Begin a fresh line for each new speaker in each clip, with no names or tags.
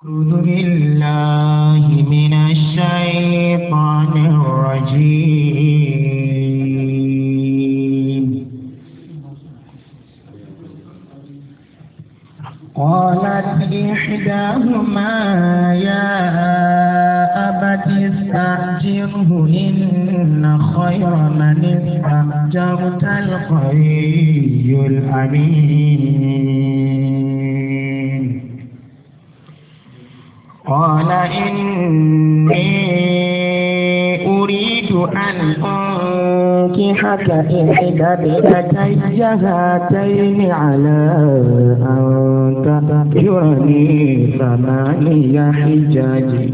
أعوذ بالله من الشيطان الرجيم قالت إحداهما يا أبت استأجره إن خير من استأجرت القوي الأمين قال إني أريد أن أنكحك إحدى بنتي هاتين على أن تأجرني ثماني حجاج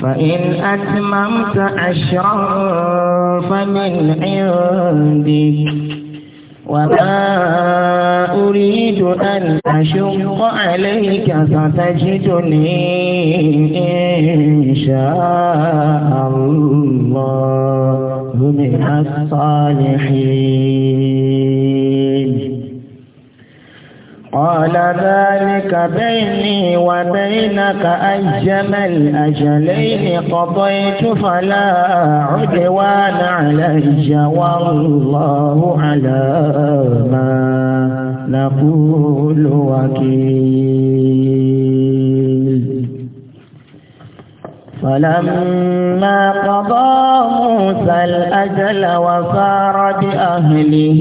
فإن أتممت أشرا فمن عندك وما أُرِيدُ أَنْ أشق عليك فَتَجِدُنِي إن شاء الله من الصالحين قال ذلك بيني وبينك أجمع الأجلين قضيت فلا عدوان علي والله على ما نقول وكيل فلما قضى موسى الأجل وصار بأهله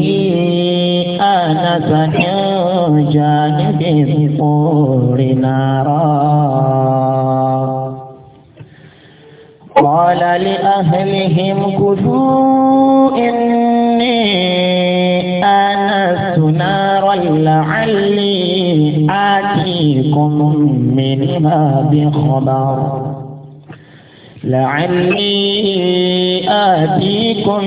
آنس من جانب الطور نارا قال لأهلهم كثوا إني آنست نارا لعلي آتيكم منها بخبر لعلي آتيكم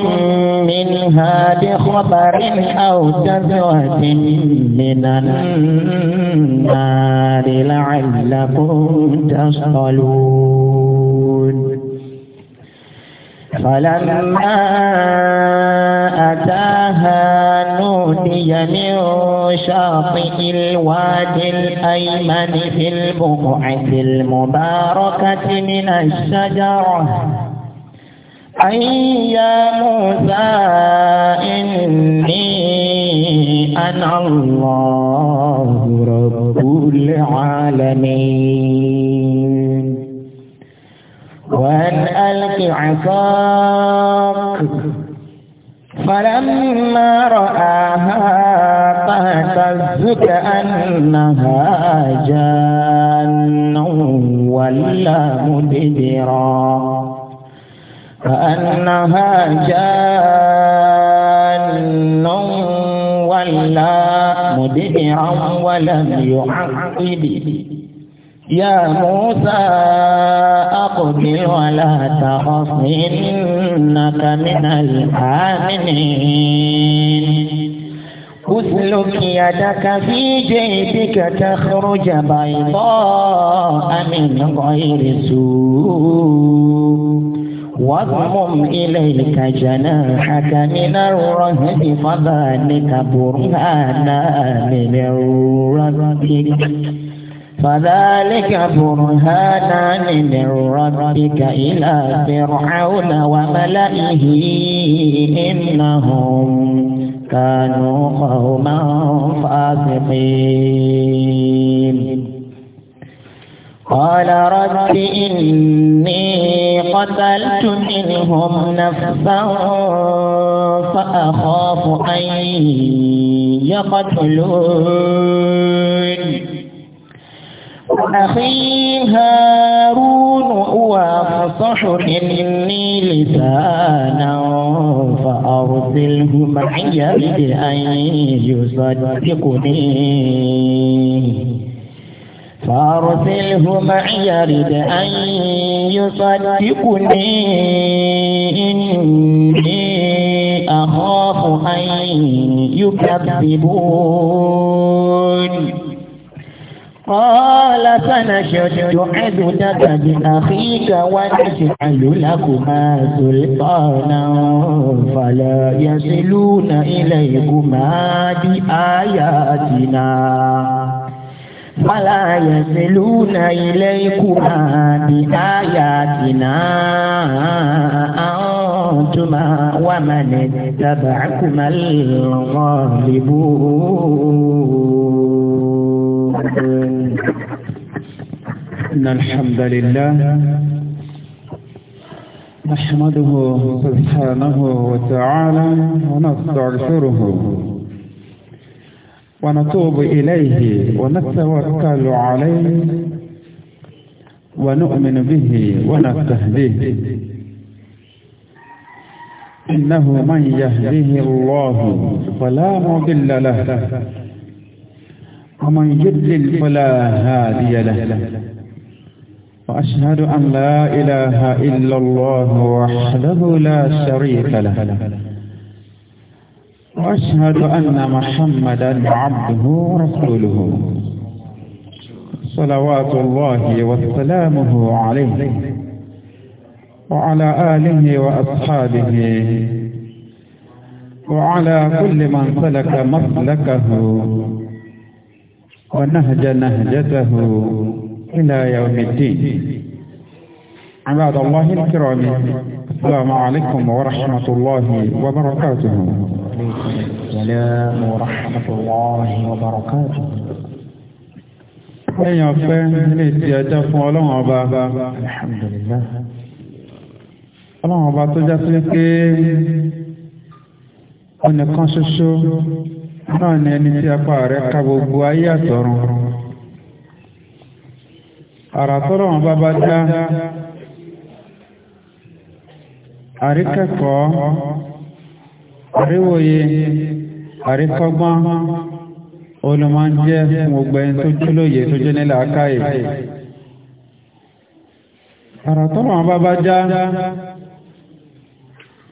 منها بخبر أو جذوة من النار لعلكم تصلون فلما أتاها نودي من شاطئ الوادي الأيمن في البقعة المباركة من الشجرة حي يا موسى إني أنا الله رب العالمين وأن ألق عصاك فلما رآها فاعتز كأنها جان ولا مدبرا كأنها جان ولا مدبرا ولم يعقب يا موسى أقبل ولا تخف إنك من الآمنين اسلك يدك في جيبك تخرج بيضاء من غير سوء واضمم إليك جناحك من الرهب فذلك برهانا من ربك فذلك برهانان من ربك إلى فرعون وملئه إنهم كانوا قوما فاسقين قال رب إني قتلت منهم نفسا فأخاف أن يقتلون أخي هارون هو أفصح مني لسانا فأرسله معي بأن يصدقني فأرسله معي رد أن يصدقني إني أخاف أن يكذبون قال سنشد عبدك بأخيك ونجعل لكما سلطانا فلا يصلون إليكما بآياتنا فلا يزلون إليكما بآياتنا أنتما ومن اتبعكما الغالبون إن الحمد لله نحمده
سبحانه وتعالى ونستغفره ونتوب إليه ونتوكل عليه ونؤمن به ونستهديه إنه من يهديه الله فلا مضل له ومن يضلل فلا هادي له وأشهد أن لا إله إلا الله وحده لا شريك له وأشهد أن محمدا عبده ورسوله صلوات الله وسلامه عليه وعلى آله وأصحابه وعلى كل من سلك مسلكه ونهج نهجته
إلى يوم الدين عباد الله الكرام السلام عليكم ورحمة الله وبركاته وعليكم السلام ورحمة الله وبركاته ẹ̀yìn ọ̀fẹ́
ilé ti ẹjọ́ fún ọlọ́run ọba alhamdulillah ọlọ́run ọba tó já sí pé ọ̀nìkan ṣoṣo náà ni ẹni tí apá rẹ̀ ká gbogbo ayé àtọ̀run àràtọ́rọ̀ ọba bá dá àríkẹ́kọ̀ọ́ àríwòye àríkọ́gbọ́n olùmọ̀jẹ́ fún gbogbo ẹni tó jólóye tó jẹ́ nílẹ̀ àkáyè àrà tọ́rọ àwọn bábá já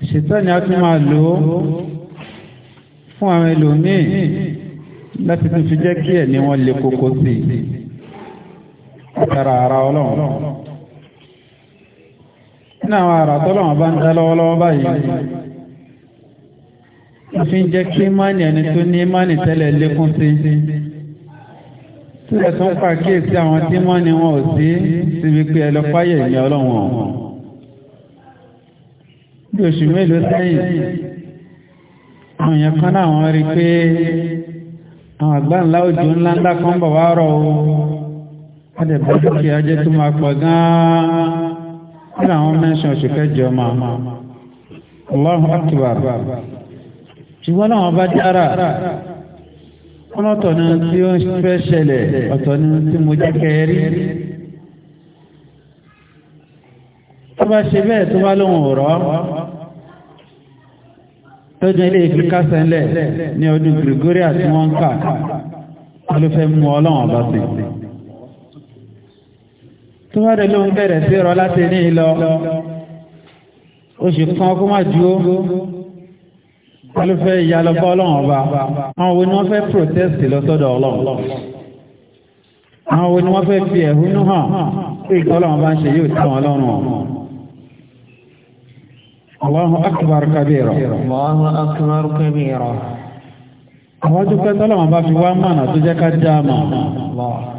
ṣètẹ́ni a tún máa lò ó fún àwọn ẹlòmíì láti tún fi jẹ́ kí ẹ̀ ní wọ́n lè kókó sí ara ọlọ́run nínú àwọn àrà tọ́lọ́wọ́n bá ń dá lọ́wọ́lọ́wọ́ báyìí ó fi ń jẹ́ kí mánì ẹni tó ní mánì tẹ́lẹ̀ lékún sí sílẹ̀ tó ń pàkíyèsí àwọn tí mánì wọn ò sí síbi pé ẹ lọ fáyẹ̀ ìyẹn ọlọ́wọ́n bí oṣù mélòó sẹ́yìn àwọn èèyàn kan náà wọ́n rí i pé àwọn àgbà òjò ńlá ńlá kan bọ̀ wá rọ̀ o wọ́n dẹ̀ bá dúkìá jẹ́ tó máa pọ̀ gan-an nínú àwọn mẹ́ṣin oṣù kẹjọ máa Allahu akbar ṣùgbọ́n náà bá dára wọ́n ọ̀tọ̀ ní tí ó fẹ́ ṣẹlẹ̀ ọ̀tọ̀ ní tí mo jẹ́ kẹrí tó bá ṣe bẹ́ẹ̀ tó bá lóhun ọ̀rọ̀ tó jẹ́ ilé ìfi kásẹ̀ ńlẹ̀ ní ọdún Gregorian tí wọ́n ń kà ló fẹ́ mú ọlọ́run ọba sí i tí wọ́n rẹ̀ lóhun bẹ̀rẹ̀ sí rọ láti ní ìlọ oṣù kan kó má ju ó wọ́n ló fẹ́ ìyálọ́bọ́ ọlọ́run ọba àwọn wo ni wọ́n fẹ́ protest lọ́sọ́dọ̀ ọlọ́run àwọn wo ni wọ́n fẹ́ fi ẹ̀hónú hàn pé ìkọlọ́run bá ń ṣe yóò tán ọlọ́run ọ̀hún Allahu akbar kabira. Allahu akbar kabira. Àwọn dúpẹ́ tọ́lọ́wọ́n fi wá mọ̀nà tó jẹ́ ká dáa mọ̀.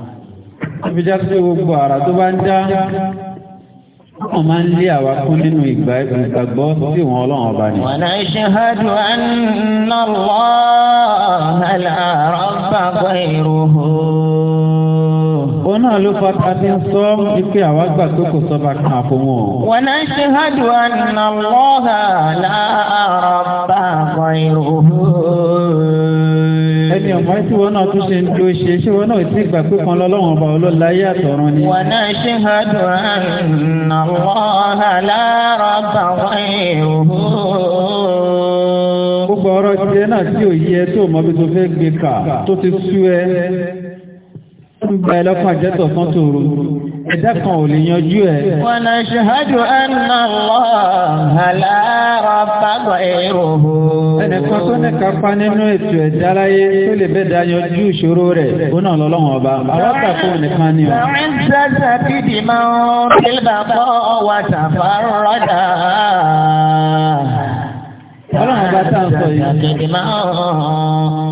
Ibi já sí gbogbo àrà tó bá ń já, wọ́n máa ń lé àwa kún nínú ìgbà ìgbàgbọ́ sí wọn ọlọ́run ọba ni. Wa
nashhadu anna Allaha la rabba ghayruhu. Òun náà ló fa ti ń sọ wípé àwa gbà pé kò sọ́ba kan àfọwọ́. Wa nashhadu anna Allaha la rabba ghayruhu
ẹni ọmọ tí wọn náà tún ṣe ń dúró ṣe ṣé wọn náà ti gbà pé kan lọ́lọ́wọ́n ọba olólayé àtọ̀run ni. wọn
náà ṣe ha dùn àná wọn alára bá wọn èèwọ̀.
gbogbo ọ̀rọ̀ tiẹ̀ náà tí ò yẹ tó mọ bí tó fẹ́ gbé kà tó ti sú ẹ. ó ń gba ẹ lọ́kàn jẹ́tọ̀ kan tòru ẹ̀dá kan ò lè yanjú ẹ̀. wọn náà ṣáájú ẹnà lọ àlàárọ̀ bàbá èròhò. ẹnìkan tó ní kápá nínú ètò ẹ̀dá láyé tó lè bẹ́ẹ̀ dá yanjú ìṣòro rẹ̀ ó náà lọ́lọ́wọ́n ọba alákàtún nìkan ni ọ.
àwọn ṣẹ́ṣẹ́ bíbí máa ń rí bàbá ọwọ́ tàfàrọ́dà. Ọlọ́run bá tá ń sọ yìí. Àgbègbè máa ń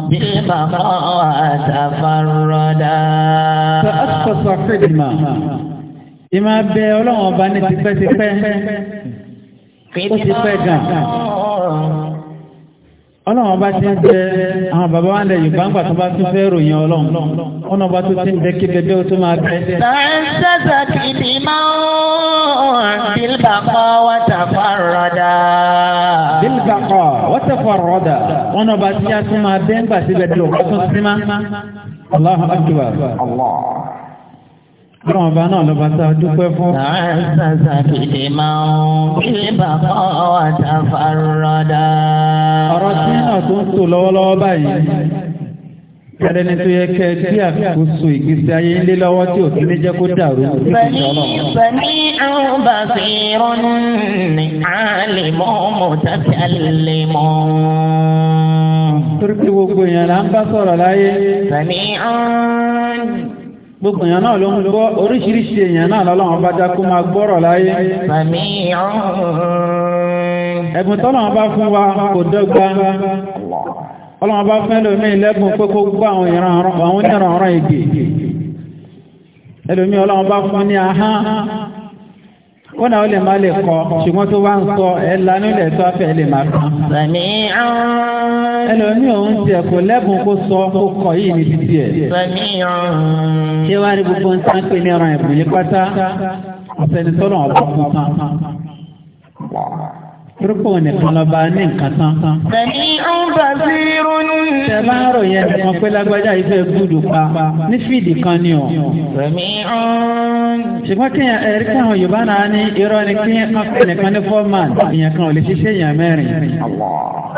bí bàbá àtàfàrọ́dà. Sọ àtúntò sọ fèdè máa ìmọ̀ abẹ ọlọ́run ọba ní tipẹ́tipẹ́
ó ti pẹ́ gan. ọlọ́run ọba ti ń bẹ àwọn bàbá wa ń lẹ yorùbá ńgbà tó bá tún fẹ́ ròyìn ọlọ́run ọ̀nà ọba tó ti ń bẹ kí bẹbẹ ó tó máa bẹ.
sàǹsẹ̀sẹ̀ kìbí máa ń bílbàkọ́ wọ́tàfàrọ̀dà.
bílbàkọ́ wọ́tàfàrọ̀dà ọ̀nà ọba tí a tún máa bẹ́ ńgbà síbẹ̀
dùn ọ̀gá tó sí má. Ọlọ́run ọba náà lọ́ba tá a dúpẹ́ fún. Sàásàsà kìdè máa ń bí bàbá ọ̀tá farọ́dá. Ọ̀rọ̀ tí náà tó ń tò lọ́wọ́lọ́wọ́ báyìí.
Kẹ́rẹ́ ni tó yẹ kẹ́ tí àkóso ìgbésí ayé ń lé lọ́wọ́ tí ò ní jẹ́ kó
dàrú. Bẹ̀ni bẹ̀ni àwọn bàbá ìrọ́nù ní àlèmọ́ mọ̀ tàbí àlèmọ́.
Torí pé gbogbo èèyàn là ń bá sọ̀rọ̀ láyé. Bẹ̀ni àwọn gbogbo èèyàn náà ló ń gbọ́ oríṣiríṣi èèyàn náà lọ́lọ́wọ́n bá já kó máa gbọ́rọ̀ láyé. ẹ̀bùn tọ́lọ́wọ́n bá fún wa kò dọ́gba ọlọ́wọ́n bá fẹ́ lómi lẹ́bùn pé kó gbọ́ àwọn ìrànràn ìgbè ẹlòmí ọlọ́wọ́n bá fún ní ahán kọ́nà ó lè má lè kọ́ ṣùgbọ́n tó wá ń sọ ẹ̀ lanú ilẹ̀ tó afẹ́ lè má kàn. sàmì ọ̀hún. ẹlòmíì òun tiẹ̀ kò lẹ́bùn kó sọ kó kọ yìí ní títí ẹ̀.
sàmì ọ̀hún.
ṣé wàá rí gbogbo ń tán pé ní ọ̀ràn ẹ̀bùn yìí pátá ọ̀sẹ̀ni tọ́nà ọ̀bọ̀ fún tán. rúpọ̀ nìkan lọ́ba ní nǹkan tán. sàmì ọ̀hún bàbí rú tẹ bá ń ròyìn ẹ̀sìn kan pé lágbájá ìfẹ́ gbúdù pa ní fíìdì kan ni ọ̀. ṣùgbọ́n kí ẹ̀rí káwọn yorùbá náà ní irọ́ ni kí wọ́n pè ní fọ́ọ̀mán ìyẹn kan ò lè ṣiṣẹ́ èèyàn mẹ́rin.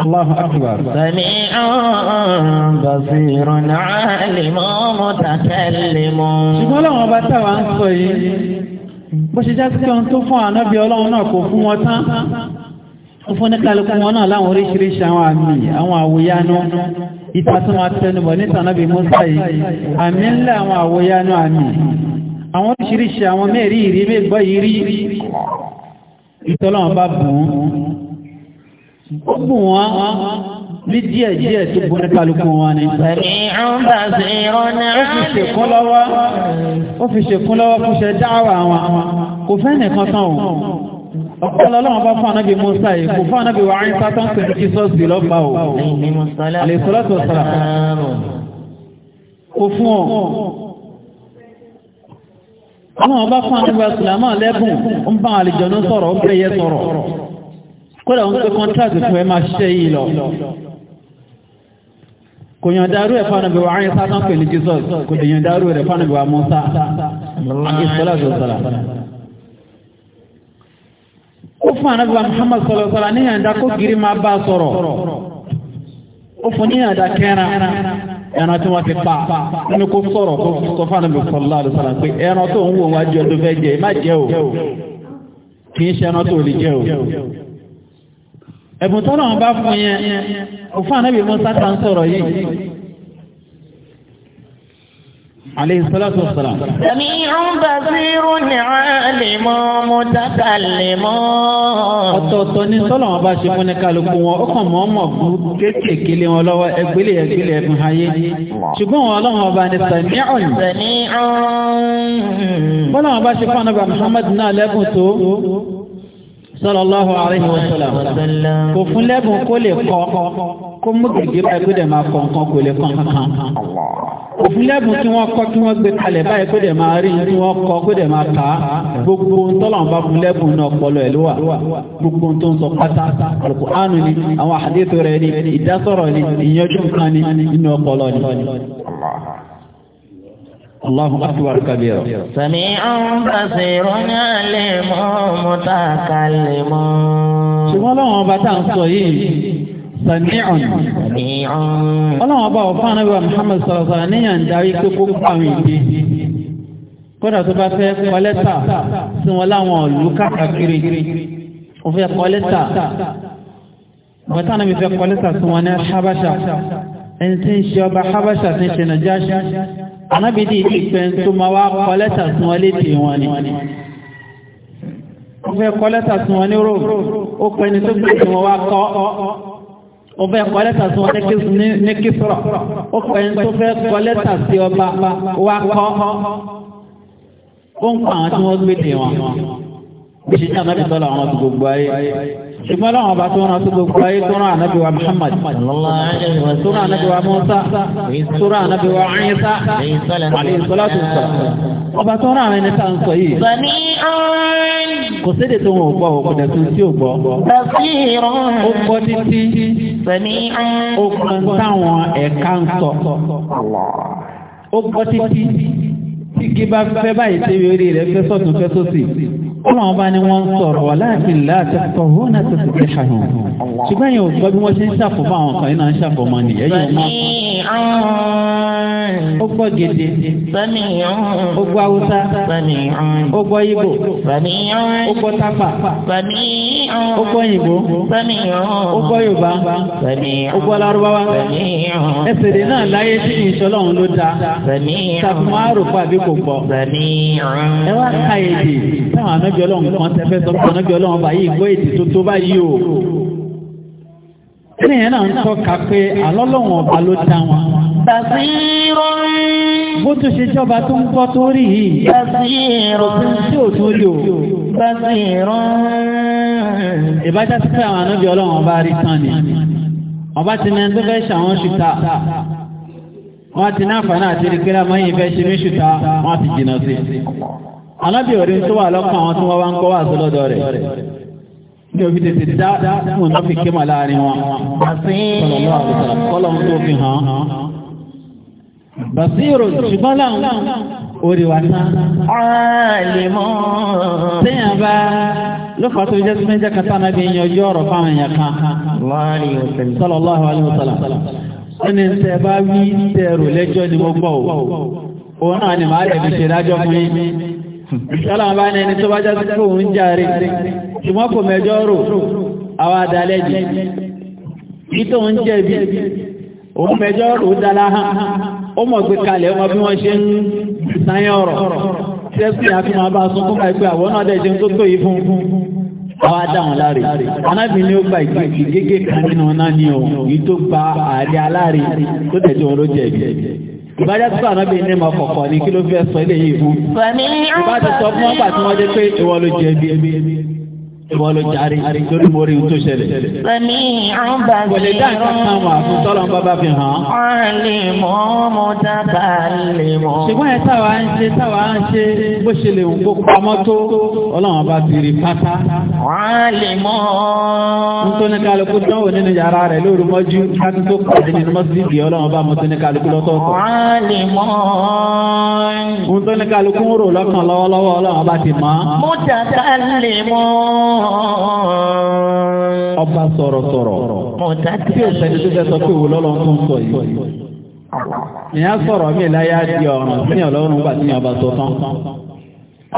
Allahu akbar. Sami'un basirun
alimun mutakallimun. Ṣùgbọ́n láwọn ọba
táwa ń sọ yìí, bó ṣe já sí pé ó fún ní kálukú wọn náà láwọn oríṣiríṣi àwọn àmì àwọn àwòyánú ìtàtún àtẹnubọ̀ nítànábì Mùsá yìí àmì ńlá àwọn àwòyánú àmì àwọn oríṣiríṣi àwọn mẹ́rí ìrí mẹ́gbọ́ ìrí ìtọ́lọ́wọ́n bá bùn ó bùn wọn ní díẹ̀ díẹ̀ tó bùn ní kálukú wọn ni. ó fi ṣèkún ọ̀pọ̀lọ́ ọba bá fún anábì Musa yìí kò fún anábì wàá ń sátán sí Jesus bí lọ́pàá o àlèsọ́lọ́tò sọ̀rọ̀
kò fún ọ.
ọlọ́wọ́ bá fún anábì Sùlámà lẹ́bùn ń bá àlejò ní sọ̀rọ̀ ó bẹ̀yẹ sọ̀rọ̀ kódà ń pẹ́ kọ́ńtàkì fún ẹ máa ṣiṣẹ́ yìí lọ kò yàn dárú ẹ̀ fánàbí wa àyíká tán ó fún ànábà muhammad sọlọ ní yànda kó giri máa bá sọ̀rọ̀ ó fún ní yànda kẹran ẹran tí wọ́n ti pa nínú kó sọ̀rọ̀ kó sọ fún ànábà sọlọlá àlùsọlá pé ẹran tó ń wò wájú ọdún fẹ́ jẹ má jẹ o kì í ṣe tó lè jẹ o ẹ̀bùn tọ́lọ́run bá fún yẹn ó fún ànábì musa kan sọrọ yìí.
عليه الصلاة والسلام سميع بصير عالم متكلم ọ̀tọ̀ọ̀tọ̀ ni
sọ́lọ̀ wọn bá ṣe fún ní kálukú wọn ó kàn mọ́ mọ̀ fún kéékèèké lé wọn lọ́wọ́ ẹgbẹ́lẹ̀ ẹgbẹ́lẹ̀ ẹ̀fún ayé ṣùgbọ́n wọn ọlọ́run ọba ni sẹ̀mí ọ̀yìn bọ́lọ̀ wọn bá ṣe fún anábà Muhammad náà lẹ́bùn tó sallallahu alaihi wa sallam kò fún lẹ́bùn kó lè kọ́ kó mú gègé báyìí kó dẹ̀ máa kọ̀ọ̀kan kò lè kọ̀ọ̀kan
òfin lẹ́bùn tí wọ́n kọ́
tí wọ́n gbé kalẹ̀ báyìí kó dẹ̀ máa rí tí wọ́n kọ́ kó dẹ̀ máa kà á gbogbo tọ́lọ̀nba fún lẹ́bùn náà pọ̀lọ̀ ẹ̀ ló wà gbogbo tó ń sọ pátá Al-Qur'an ni àwọn àdéhùn rẹ̀ ni ìdásọ̀rọ̀ ni ìyanjú kan ni inú
ọpọlọ ni. Allahu akbar kabir. Sami'un basirun alimun mutakallimun. Ṣùgbọ́n láwọn ọba sàníọ̀n. ọlọ́run ọba
ọ̀fọ́ ànábì wa Muhammad sọ̀rọ̀sọ̀rọ̀ níyàn darí pé kó kó àwọn ìdí.
kódà tó bá fẹ́ kọ lẹ́tà sí wọn láwọn ìlú káàkiri
ó fẹ́ kọ lẹ́tà. bàtà náà mi fẹ́ kọ lẹ́tà sí wọn ní Habasha ẹni tí ń ṣe ọba Habasha ti ń ṣe Najashi. ànábì dì í tó máa wá kọ lẹ́tà sí wọn lédè wọn ni ó fẹ́ kọ lẹ́tà sí wọn ní Rome ó pẹ́ni tó gbé tí wọ́n wá kọ́ ọba ẹ̀kọ́ lẹ́tà sí wọn ní kí sọ̀rọ̀ ó kọ ẹni tó fẹ́ kọ lẹ́tà sí ọba wa kọ́ ó ń pa àwọn tí wọ́n gbé dè wọn bí ṣe ní ànábì sọ́lá àwọn ọ̀tún gbogbo ayé ṣùgbọ́n láwọn ọba tó rán tó gbogbo ayé tó rán ànábì wa Muhammad tó rán ànábì wa Musa tó rán ànábì wa Isa àlè ìsọ́lá tó sọ̀rọ̀ ọba tó rán àwọn ẹni tá à ń sọ yìí kò séde tó wọn ò gbọ́ òkùnà tó tí ò gbọ́.
Bàbírò ó gbọ́ títí. Sẹ̀mí ó kàn táwọn ẹ̀ka ń
sọ. Ó gbọ́ títí. Tí igi bá fẹ́ báyìí tẹ́wé orí rẹ̀ fẹ́ sọ̀tún fẹ́ sósì ọlọ́run bá ní wọ́n ń sọ̀rọ̀ wà láàfin láti fọwọ́ náà tó fi ṣe àyàn ṣùgbọ́n yẹn ò gbọ́ bí wọ́n ṣe ń ṣàfọ̀mọ́ àwọn kan náà ń ṣàfọ̀mọ́ ni ẹ̀yìn ọmọ.
ó gbọ́ gèdè ó gbọ́ haúsá ó gbọ́ ibo ó gbọ́ tápà ó gbọ́ yìnbó ó gbọ́ yorùbá ó gbọ́ lárúbáwá ẹsẹ̀ dè
náà láyé tí ìṣọ́lọ́run ló dáa ṣàfihàn àròpọ̀ àbí kò gbọ́ ẹ wá ká èdè táwọn ànábì ọlọ́run kan tẹ́fẹ́ sọ fún ànábì ọlọ́run báyìí gbọ́ èdè tó tó báyìí o. kíni yẹn náà ń tọ́ka pé àlọ́lọ́run ọba ló dá wọn.
tàṣírò bó tún ṣe jọba tó ń gbọ́ tó rí yìí. tàṣírò tí ò tún rí o. tàṣírò. ìbájá ti
pé àwọn ànábì ọlọ́run ọba rí tán ni. ọba ti ní ẹni tó fẹ́ wọ́n ti náà fàánà àti ìrìkẹ́lá mọ́yìn fẹ́ ṣe mí ṣùtà wọ́n ti jìnnà sí i alábìọ̀rin tó wà lọ́kàn àwọn tí wọ́n wá ń kọ́ wà sí lọ́dọ̀ rẹ̀ ní òbí tètè dá wọn náà ké mà láàrin wọn kọ́lọ́hún tó fi hàn án bàṣírò ṣùgbọ́n láwọn orí wa ní. ọ̀lẹ́mọ̀. téèyàn bá ló fà tó jẹ́ tó ń jẹ́ kata náà bí yanjú ọ̀rọ̀ fáwọn èèyàn kan. sallallahu alaihi wasallam. ẹni tẹ bá wí tẹ rò lẹ́jọ́ ni mo gbọ́ o. òun náà ni màá yẹ̀ fi ṣe dájọ́ fún yín. Ìṣọ́lọ́wọ́ bá ní ẹni tó bá jẹ́ tó ń jàre, ṣùgbọ́n kò mẹjọ́ rò, àwọn àdálẹ́ jì. Ìtò ń òun rò dára hàn, ó mọ̀ pé kalẹ̀ ọmọ bí wọ́n ṣe ń sáyẹ́ ọ̀rọ̀. Tẹ́sí bá sún fún àwọn náà dẹ̀ ṣe ń tó tó yìí fún àwọn adáhùn láre. Anábì ni ó gba ìbájá tó àná bí ní ma kọ̀kọ̀ ní kí ló fẹ́ sọ ilé yìí fún
ìbá ti sọ fún ọgbà tí wọ́n jẹ́ pé ìwọ ló
jẹ̀bi ìwọ ló jàre torí mo rí ohun tó
ṣẹlẹ̀. sẹ́mi àbá mi rán. wọlé dá nǹkan kan wà fún
tọ́lọ̀ ń bábá fi hàn.
ọ̀rẹ́lẹ̀ mọ́ mo dábàá lè mọ́. ṣùgbọ́n ẹ táwa ń ṣe táwa ń ṣe bó ṣe
lè wò pamọ́ tó ọlọ́run bá bèrè pátá.
ọ̀rẹ́lẹ̀ mọ́.
n tó ní kálukú dánwò nínú yàrá rẹ̀ lóru mọ́jú káàkiri tó pàdé nínú mọ́sídìí ọlọ́run bá mo tó ní kálukú lọ́tọ̀ọ̀tọ̀. ọ̀rẹ́lẹ̀ mọ́. n tó ọba sọ̀rọ̀sọ̀rọ̀ tí o tó fẹ́ sọ pé òun lọ́lọ́ tó ń sọ yìí ìyá sọ̀rọ̀ mi láyé di ọ̀ràn sí ọlọ́run gbà tí yàn sọ tán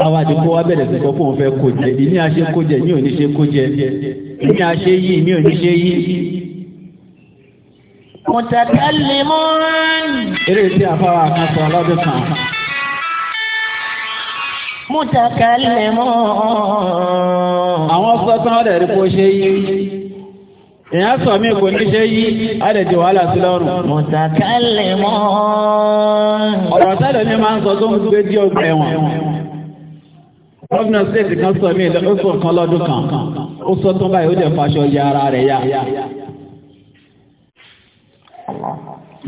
àwọn àdìpọ̀ wa bẹ̀rẹ̀ sí sọ pé òun fẹ́ kó jẹ ìní àṣẹ kó jẹ ní òní ṣe kó jẹ ìní àṣẹ yí ní òní ṣe yí.
mùtàkẹ́lì mọ́rán. eré tí a fáwọn akásọ ọlọ́dún kan mútakálẹ̀ mọ́. àwọn sọ́sán ọ̀dẹ̀ rí kó ṣe yí
èèyàn sọ mí kò ní ṣe yí àdèdè wàhálà sí lọ́rùn. mútakálẹ̀ ọ̀rọ̀ sẹ́dọ̀ ni máa ń sọ tó ń gbé dí ọgbà ẹ̀wọ̀n. gómìnà stéètì kan sọ mí ó sọ kan lọ́dún kan ó sọ tó báyìí ó dẹ̀ faṣọ
ya ara rẹ̀ ya.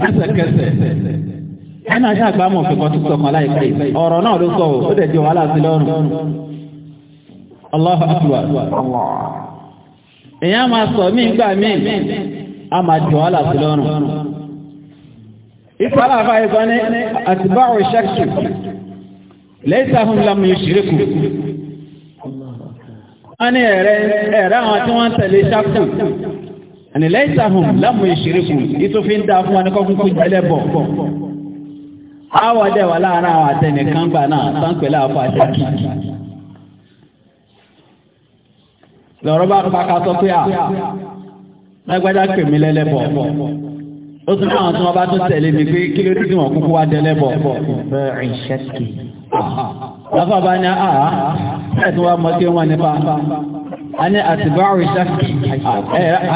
lẹ́sẹ̀kẹsẹ̀ ẹnà ajá àgbámọ̀ fẹ́kọ́ tó sọ kan láìpẹ́ ọ̀rọ̀ náà ló sọ ó dẹ̀ di wàhálà sí lọ́rùn
Allahu Akbar èyàn máa sọ mí gbà mí a máa di wàhálà sí lọ́rùn ìfàlà àfáà ìsọ ní àtibáwò ṣẹ́kṣù lẹ́yìn sáhùn lámù ìṣiríkù wọ́n ní ẹ̀rẹ́ àwọn tí wọ́n tẹ̀lé ṣákù ẹ̀nìlẹ́yìn sáhùn lámù ìṣiríkù ìtòfin dáa fún wọn ní kọ́kún kú Àwọ̀ dẹ̀ wà láàárín àwọn àtẹnìkan gbà náà sáńpẹ̀lẹ̀ àfọ àṣàkì. Lọ̀rọ̀ bá pàkà sọ pé à, lágbájá pè mí lẹ́lẹ́bọ̀. Ó tún náà tí wọ́n bá tún tẹ̀lé mi pé kí ló dìdì wọ́n kúkú wá dẹ́lẹ́bọ̀. Láfà bá ní àá, ẹ̀sùn wa mọ̀ kí wọ́n nípa. A ní àtìbá òrìṣàkì.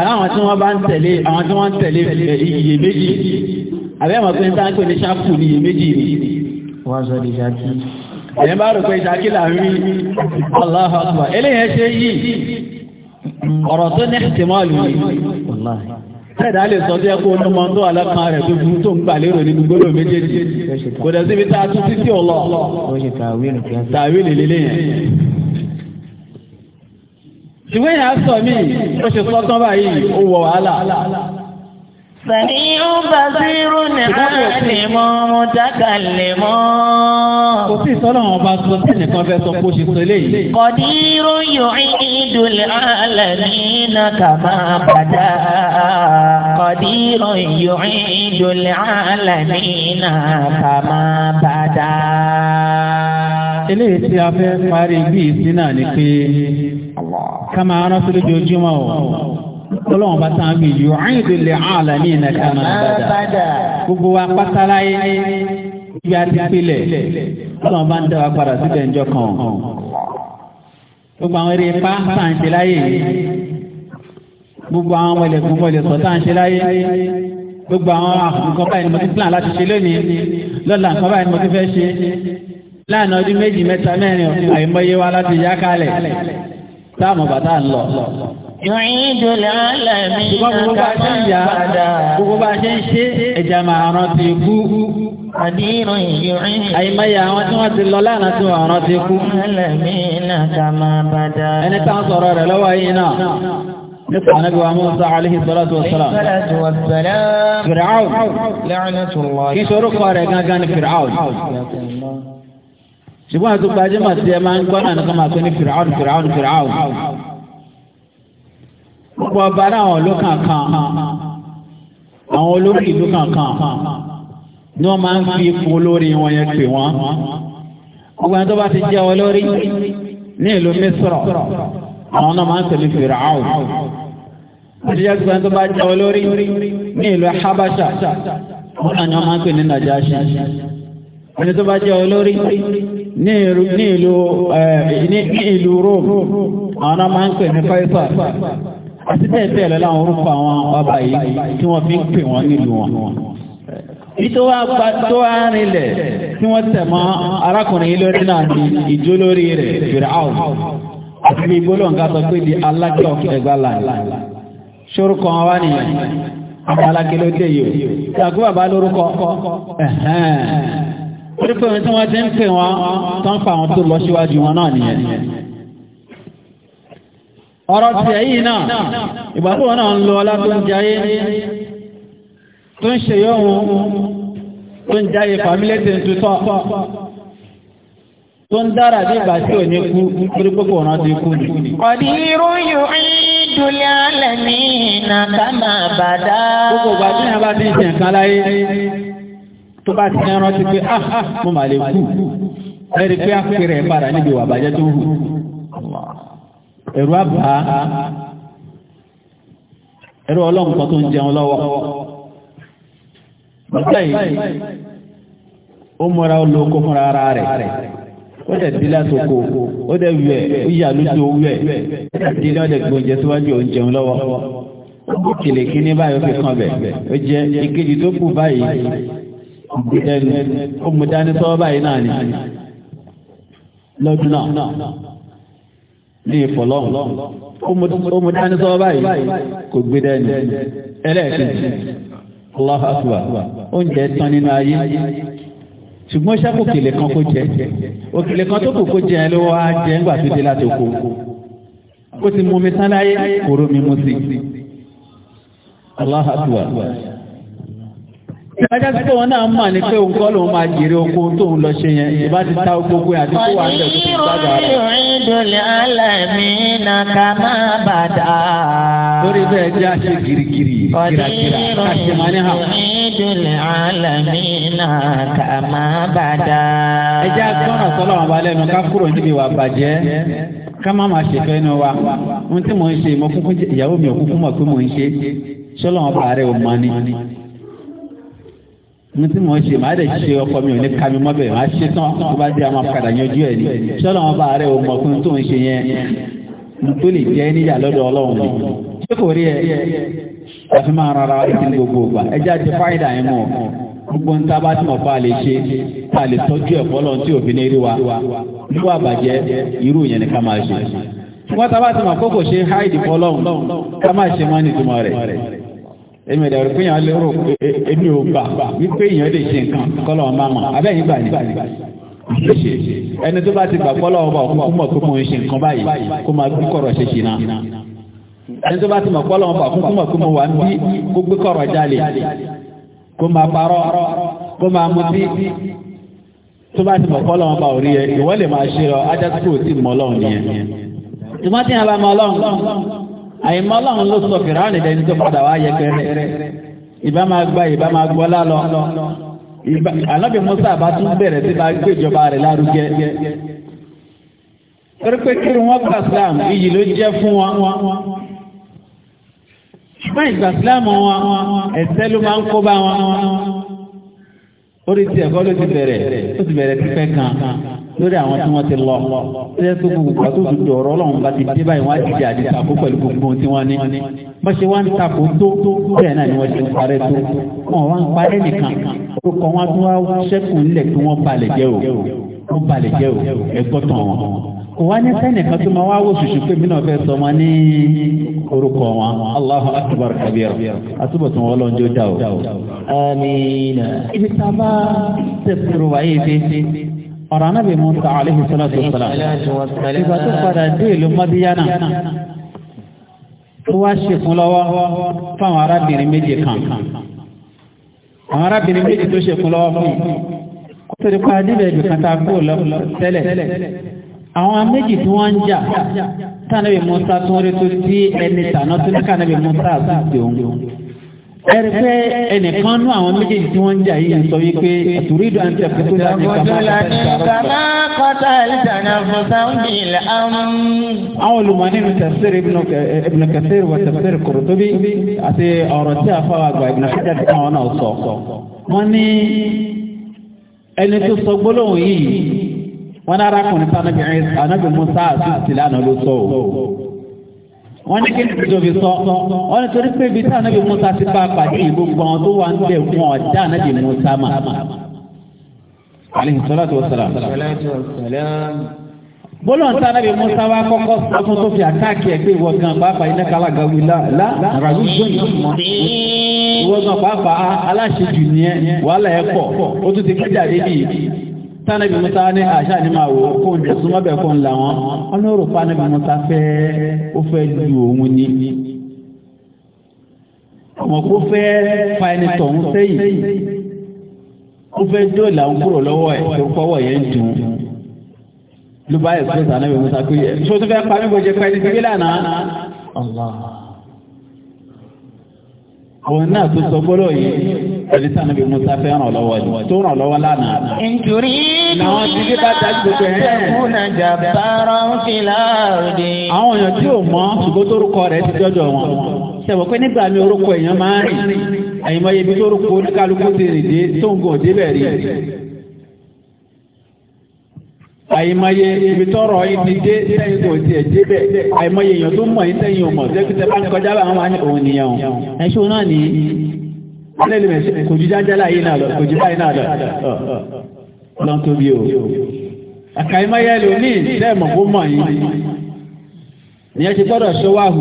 Àwọn tí wọ́n bá ń tẹ̀lé, àwọn tí wọ́n ń tẹ̀lé iye méjì àbẹ́mọ̀ pé ń tá ń pè ní ṣáàpù ní méjì rí
wọ́n sọ di ṣáàkì
ẹ̀yẹn bá rò pé ṣáàkì láàrin Allahu Akbar eléyẹn ṣe yìí ọ̀rọ̀ tó ní ìtìmọ́lù Tẹ́ẹ̀dá lè sọ tí ẹkùn onímọ̀ tó alákan rẹ̀ tó bú tó ń gbà lérò nínú gbọ́dọ̀ méjèèjì. Kò dẹ̀ síbi tá a tún títí ọ̀lọ́. Tàwí lè lélẹ̀ yẹn. Ṣùgbọ́n yẹn á sọ mí, ó ṣe sọ́tán báyìí, ó wọ wàhálà sẹ̀yìn bàzírù ní àlìmọ́ mùtàkàlìmọ́. kò sí ìsọ́nà àwọn ọba sọ sí nìkan fẹ́ sọ kó ṣe sọ eléyìí.
kọ̀dírù yóò ìdúlé àlẹ́ nínú kàmá bàdá. kọ̀dírù yóò ìdúlé àlẹ́ nínú kàmá bàdá. eléyìí
tí a fẹ́ parí bí ìsín náà pé ká máa rántí lójoojúmọ́ o. Ọlọ́run bá tán mi yóò rìn ìdílé àlà ní ìnàkà máa bàdà. Gbogbo wa pátálá yé ibi àti pílẹ̀. Ọlọ́run bá ń dá wa padà síbẹ̀ ńjọ kan. Gbogbo àwọn eré ipá tá à ń ṣe láyé. Gbogbo àwọn ọmọlẹ̀kùn mọ̀lẹ̀sọ̀ tá à ń ṣe láyé. Gbogbo àwọn nǹkan báyìí ni mo ti plan láti ṣe lónìí. Lọ́la nǹkan báyìí ni mo ti fẹ́ ṣe. Láàárín ọdún méjì mẹ́ta mẹ́rin àìmọye wa láti yá kalẹ̀. Táàmù bàtà ń lọ.
Yòòyìndò
lálẹ́ mi náà ká padà. Gbogbo bá ṣe ń ṣe ẹja máa rántí
kú. Àdínú yòòyìn. Àyìnbáyà àwọn tí wọ́n ti lọ lánàá tí wọ́n rántí kú. Lálẹ́ mi náà ká sọ̀rọ̀ rẹ̀ lọ́wọ́ yìí náà.
النبي موسى عليه الصلاة
والسلام فرعون
لعنة الله كيف رقى رقا كان فرعون شبوها تبقى جمع سيما انقوانا نقمع كوني فرعون فرعون, فرعون. gbogbo ọba láwọn ìlú kankan àwọn olórí ìlú kankan ni wọ́n máa ń fi ipò olórí wọn yẹn pè wọ́n gbogbo ẹni tó bá ti jẹ olórí ní ìlú Mísírà àwọn náà máa ń tẹ̀lé fèrè àwọn gbogbo tó bá olórí ní ìlú Habasha wọn náà ni wọ́n máa ń pè ní Nàjáṣì ẹni tó bá jẹ́ olórí eh, ní ìlú Rome àwọn náà máa ń pè ní àti bẹ́ẹ̀ bẹ́ẹ̀ lọ láwọn orúkọ àwọn ọba yìí tí wọ́n fi ń pè wọ́n nílùú wọn. ìtọ́wá rinlẹ̀ tí wọ́n tẹ̀ mọ́ arákùnrin yìí lórí náà ní ìjó lórí rẹ̀ fèrè áwù àti bí gbólóǹkà sọ pé di alákẹ́ ọ̀kẹ́ ẹgbà láàyè ṣorúkọ wa nìyẹn alákẹ́ ló dé yìí o yàgò bàbá lórúkọ ẹ̀hẹ́n orí pé wọ́n ti ń pè wọ́n tán pa àwọn tó lọ síwájú wọn náà nìyẹn ọ̀rọ̀ ti ẹ̀yìn náà ìgbàlúwọ̀ náà ń lo ọlá tó ń jayé tó ń ṣe yọ́hun tó ń jayé fàmílẹ́tì ń tó ń dára bí ìgbà tí ò ní kú nítorí pé kò rántí kú ni. ọ̀dí irú yóò ń dúlé
alẹ́ ní nàkàmà bàdá. gbogbo ìgbà tí yẹn bá ti ń ṣe
nǹkan láyé tó bá ti ń rántí pé ah, ah mo mà lè kú ẹ̀rí pé àpẹẹrẹ padà níbi ẹ̀rù àbá ẹ̀rù ọlọ́run kan tó ń jẹun lọ́wọ́ ọjọ́ yìí ó múra ó lo oko fúnra ara rẹ̀ ó dẹ̀ bí lásòkò ó dẹ̀ wẹ̀ ó yà lójú owó ẹ̀ dí lọ́dẹ̀ gbóúnjẹ síwájú òun jẹun lọ́wọ́ ó kèlè kí ní báyìí ó fi kan bẹ̀ ó jẹ́ ìkejì tó kù báyìí ó mú dání sọ́wọ́ báyìí náà ni lọ́dún náà ní ipò lọ́wọ́ ó mú dání sọ báyìí kò gbé dání ẹlẹ́ẹ̀kejì Allahu Akbar oúnjẹ tán nínú ayé ṣùgbọ́n ṣáko kèlè kan kó jẹ òkèlè kan tó kù kó jẹ ló wá jẹ ńgbà tó dé láti oko ó ti mú mi tán láyé kòró mi mú sí Allahu Akbar. Ẹjá sí pé wọn náà mà ní pé nǹkan lòun máa jèrè oko tó ń lọ ṣe yẹn, ìbá ti ta gbogbo àti kó wà ní kúrò níbi ìwà bàjẹ́ ká má máa ṣèfẹ́ nu wa. Ohun tí mò ń ṣe, ìyàwó mi ò kúkú mọ̀ pé mò ń ṣe. Ṣọ́lọ́ wọn ò mọ́ ni ní tí mo ń ṣe màá dẹ̀ ṣe ọkọ mi ò ní ka mi mọ́ bẹ́ẹ̀ màá ṣe tán tó bá dé a máa padà yanjú ẹ̀ ni sọ́nà wọn bá rẹ̀ ò mọ̀ fún tó ń ṣe yẹn tó lè jẹ́ níyà lọ́dọ̀ ọlọ́run ni ṣé kò rí ẹ àfi máa rán ara ìdí gbogbo ìgbà ẹ jẹ́ àti fáìdà yẹn mọ̀ gbogbo ń tá bá tí mo fa lè ṣe tá lè tọ́jú ẹ̀ fọ́lọ́ tí òfin ní rí wa níwọ̀ àbàjẹ́ irú yẹn ni ká máa ṣe wọ́n tá bá tí mo kókò ṣe háìdì fọ́lọ́run èmi ìdàrú pé yàn lérò pé èmi ò gbà wípé èèyàn lè ṣe nǹkan kọ́lọ̀ ọmọ àmọ́ abẹ́yìn gbà ní ẹni tó bá ti gbà kọ́lọ̀ ọmọ ọkùnrin kó mọ̀ pé mo ń ṣe nǹkan báyìí kó máa gbé kọ̀rọ̀ ṣe ṣìnà ẹni tó bá ti mọ̀ kọ́lọ̀ ọmọ ọkùnrin kó mọ̀ pé mo wà ní kó gbé kọ̀rọ̀ jalè kó máa parọ́ kó máa mutí tó bá ti mọ̀ kọ́lọ̀ ọmọ orí ẹ ìwọ lè máa ṣe lọ ajá àìmọ́ ọlọ́run ló sọ fìràánì dẹni tó padà wá yẹ ìbá máa gba ìbá máa gbọ́ lálọ ànábì Musa bá tún bẹ̀rẹ̀ sí bá gbé rẹ̀ lárugẹ torí pé kí wọ́n gba Islam iyì ló jẹ́ fún wọn ṣùgbọ́n ìgbà Islam wọn ló máa ń kó bá wọn. orí tí ẹ̀kọ́ ló ti bẹ̀rẹ̀ ó ti bẹ̀rẹ̀ pípẹ́ kan lórí àwọn tí wọ́n ti lọ ṣé tó gbogbo kan tó dùdú ọ̀rọ̀ ọlọ́run bá ti dé báyìí wọ́n á ti jẹ́ àdìsàkó pẹ̀lú gbogbo tí wọ́n ní bọ́n ṣe wá ń takò tó bẹ́ẹ̀ náà ni wọ́n ṣe ń parẹ́ tó wọ́n wá ń parẹ́ nìkan orúkọ wọn tó wá ṣẹ́kùn ńlẹ̀ kí wọ́n balẹ̀ jẹ́ o wọ́n balẹ̀ jẹ́ o ẹgbọ́tàn wọn kò wá ní sẹ́nìkan tó máa wá wò ṣùṣù pé mí náà fẹ́ sọ ma ní orúkọ wọn Allahu akbar kabir àtúbọ̀tún wọn lọ́njọ́ dà o. amiina. ibi tá a bá tẹ̀síro wáyé fèsì ọ̀rọ̀ anábì Musa aleyhi salatu wasalam ìgbà tó padà dé ìlú Mọ́díyánà tó wá ṣe fún lọ́wọ́ fáwọn arábìnrin méje kan àwọn arábìnrin méje tó ṣe fún lọ́wọ́ fún yìí kó tó di pa adébẹ̀ẹ́dù kan lọ tẹ́lẹ̀ àwọn méjì tí wọ́n ń jà tánàbì Musa tó ń rí tó sí ẹni tàná tó ní kánàbì Musa àti òun ẹ̀rí pé ẹnìkan nú àwọn méjèèjì tí wọ́n ń jà yìí sọ wípé àtúrídùn àti wa tafsir Qurtubi àti ọ̀rọ̀ tí a fọwọ́ àgbà Ibn Hajar àwọn náà sọ wọ́n ní ẹni wọ́n nára kùn ní sanabi anabi musa àti ìsìlànà ló sọ o wọ́n ní kí ni tó fi sọ wọ́n ní torí pé ibi tí anabi musa ti bá pàdé ìbò gbọ́n tó wà ń bẹ̀ fún ọ̀dá anabi musa mà. aleyhi salatu wa salam. bólọ̀ ní sanabi musa wa kọ́kọ́ sọ fún tó fi àtàkì ẹ̀ pé ìwọ gan pàápàá iná kálá gàwí la la ràbí gbóyè mọ́ ìwọ gan pàápàá aláṣejù nìyẹn wàhálà ẹ̀ pọ̀ ó tún ti kájà débi yìí tánàbí musa ní àṣà ní ma wò kó ń súnmọ́ bẹ̀ kó ń là wọ́n wọ́n ní òrùpa níbi musa fẹ́ ó fẹ́ ju òun ní ọmọ kó fẹ́ fa ẹni tọ̀hún sẹ́yìn ó fẹ́ dóòlà ń kúrò lọ́wọ́ ẹ̀ tó pọ́wọ́ yẹn dùn ló bá ẹ̀ fẹ́ tánàbí musa pé ṣé o tún fẹ́ pa mí bó ṣe pẹ́ ní lánàá òun náà tó sọ gbọ́dọ̀ yìí ẹni sànù bí musa fẹ́ ràn lọ́wọ́ ni tó ràn lọ́wọ́ lánàá. nítorí làwọn ti dé bá dájú ń fi láàrúdì. àwọn èèyàn tí ò mọ ṣùgbọ́n tó orúkọ rẹ̀ ti jọjọ wọn. sẹ̀wọ̀ pé nígbà mi orúkọ èèyàn máa ń rìn àyìnbó ibi tó orúkọ oníkálukú ti rìn dé tó débẹ̀ rí àyèmáyé ibi tọrọ yìí ti dé sẹ́yìn tó ti ẹ̀ débẹ̀ àyèmáyé èèyàn tó mọ̀ yìí sẹ́yìn ọmọ sẹ́kítẹ́ bá ń kọjá bá wọn ní òun nìyẹn o. ẹ̀ṣọ́ náà ní alẹ́lẹ́mẹ̀sẹ̀ kò ju jájálá yìí náà lọ kò ju báyìí náà lọ lọ́n tóbi o. àkàyèmáyé lóní sẹ́ẹ̀mọ̀ kó mọ̀ yìí nìyẹn ti gbọ́dọ̀ ṣọwọ́ àhù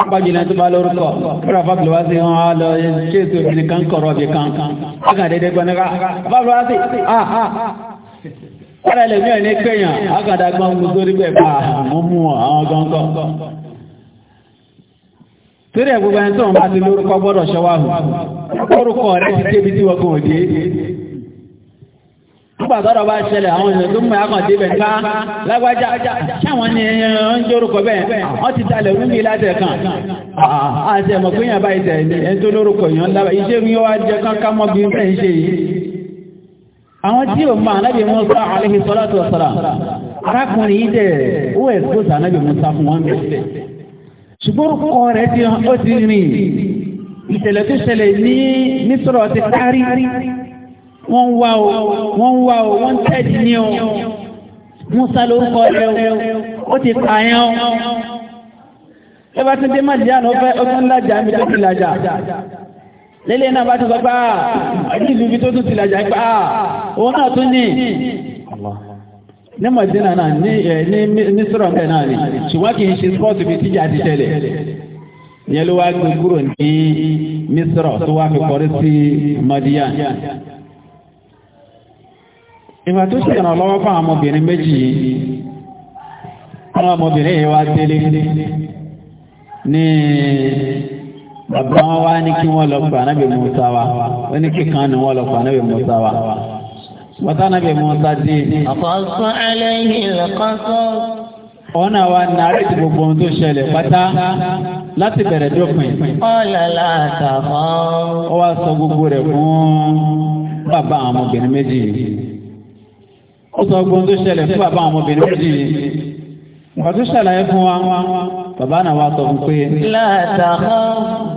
agbájúlẹ̀ tó bá lórúkọ kúrò fábílì wá sí wọn á lọ ṣéètò ìbìnkan kọ̀rọ̀ bìkan. wọ́n kàn déédéé gbọ́n nípa fábílì wá Ara ilẹ̀ mí ò ní pèèyàn, ágàdá gbọ́n mú sórí bẹ̀ pa àwọn mú àwọn gọ́ngọ́. Torí ẹ̀ gbogbo ẹni tó ń bá ti lórúkọ gbọ́dọ̀ ṣọwá hù. Orúkọ rẹ̀ ti débi tí wọ́n kò dé. Nígbà tọ́rọ bá ṣẹlẹ̀ àwọn èèyàn tó mú àkàn débẹ̀ ká lágbájá. Ṣáwọn ni ẹran jẹ́ orúkọ bẹ́ẹ̀. Wọ́n ti dalẹ̀ wú mi látẹ̀ kan. Àti ẹ̀mọ̀ pé yàn báyìí tẹ̀ ẹni tó lórúkọ èèyàn lábàá. Iṣẹ́ mi wá jẹ́ kán ká mọ́ bí n fẹ́ ń ṣe yìí àwọn tí o máa nábì Musa alayhi salatu wa salam arákùnrin yìí dẹ̀ ó ẹ̀ kó sa nábì Musa fún wọn bẹ̀rẹ̀ ṣùgbọ́n kọ́ rẹ̀ ti ó ti rìn ìṣẹ̀lẹ̀ tó ṣẹlẹ̀ ní nítorọ̀ ti kárí wọ́n ń wá o wọ́n ń wá o wọ́n ń tẹ̀dí ní o Musa lórúkọ rẹ̀ ó ti pààyàn ó ẹ bá tún dé má díà ló fẹ́ ó tún lájà mi tó ti lájà lélẹ̀ náà bá ti sọ pé àà ọdún ìlú ibi tó tún ti làjà pé àà ah, òun náà tún ní ní mọ̀dínà náà ní mísírọ̀ bẹ́ẹ̀ náà rí ṣùgbọ́n kì í ṣe spọ́ọ̀tù bí tíjà ti tẹ̀lẹ̀ yẹn ló wá gbé kúrò ní mísírọ̀ tó wá fi kọrí sí mọ̀díyàn ìgbà tó ṣe ìrànlọ́ fún àwọn ọmọbìnrin méjì yìí àwọn ọmọbìnrin yìí wá délé ní bàbá wọn wá ní kí wọ́n lọ pa anábì Musa wa ó ní kíkan ni wọ́n lọ pa anábì Musa wa. bàtà anábì Musa dé. àkọsọ
ẹlẹ́yìn ìlẹ̀kọ́sọ.
òun náà wá nàárẹ̀ tí gbogbo ohun tó ṣẹlẹ̀ pátá láti bẹ̀rẹ̀ dópin. ọ̀làlà àtàkọ́. ó wá sọ gbogbo rẹ̀ fún bàbá àwọn ọmọbìnrin méjì. ó sọ gbogbo ohun tó ṣẹlẹ̀ fún bàbá àwọn ọmọbìnrin méjì. wọ́n tún ṣàlàyé fún wa bàbá náà wá sọ fún pé.
látàkọ́.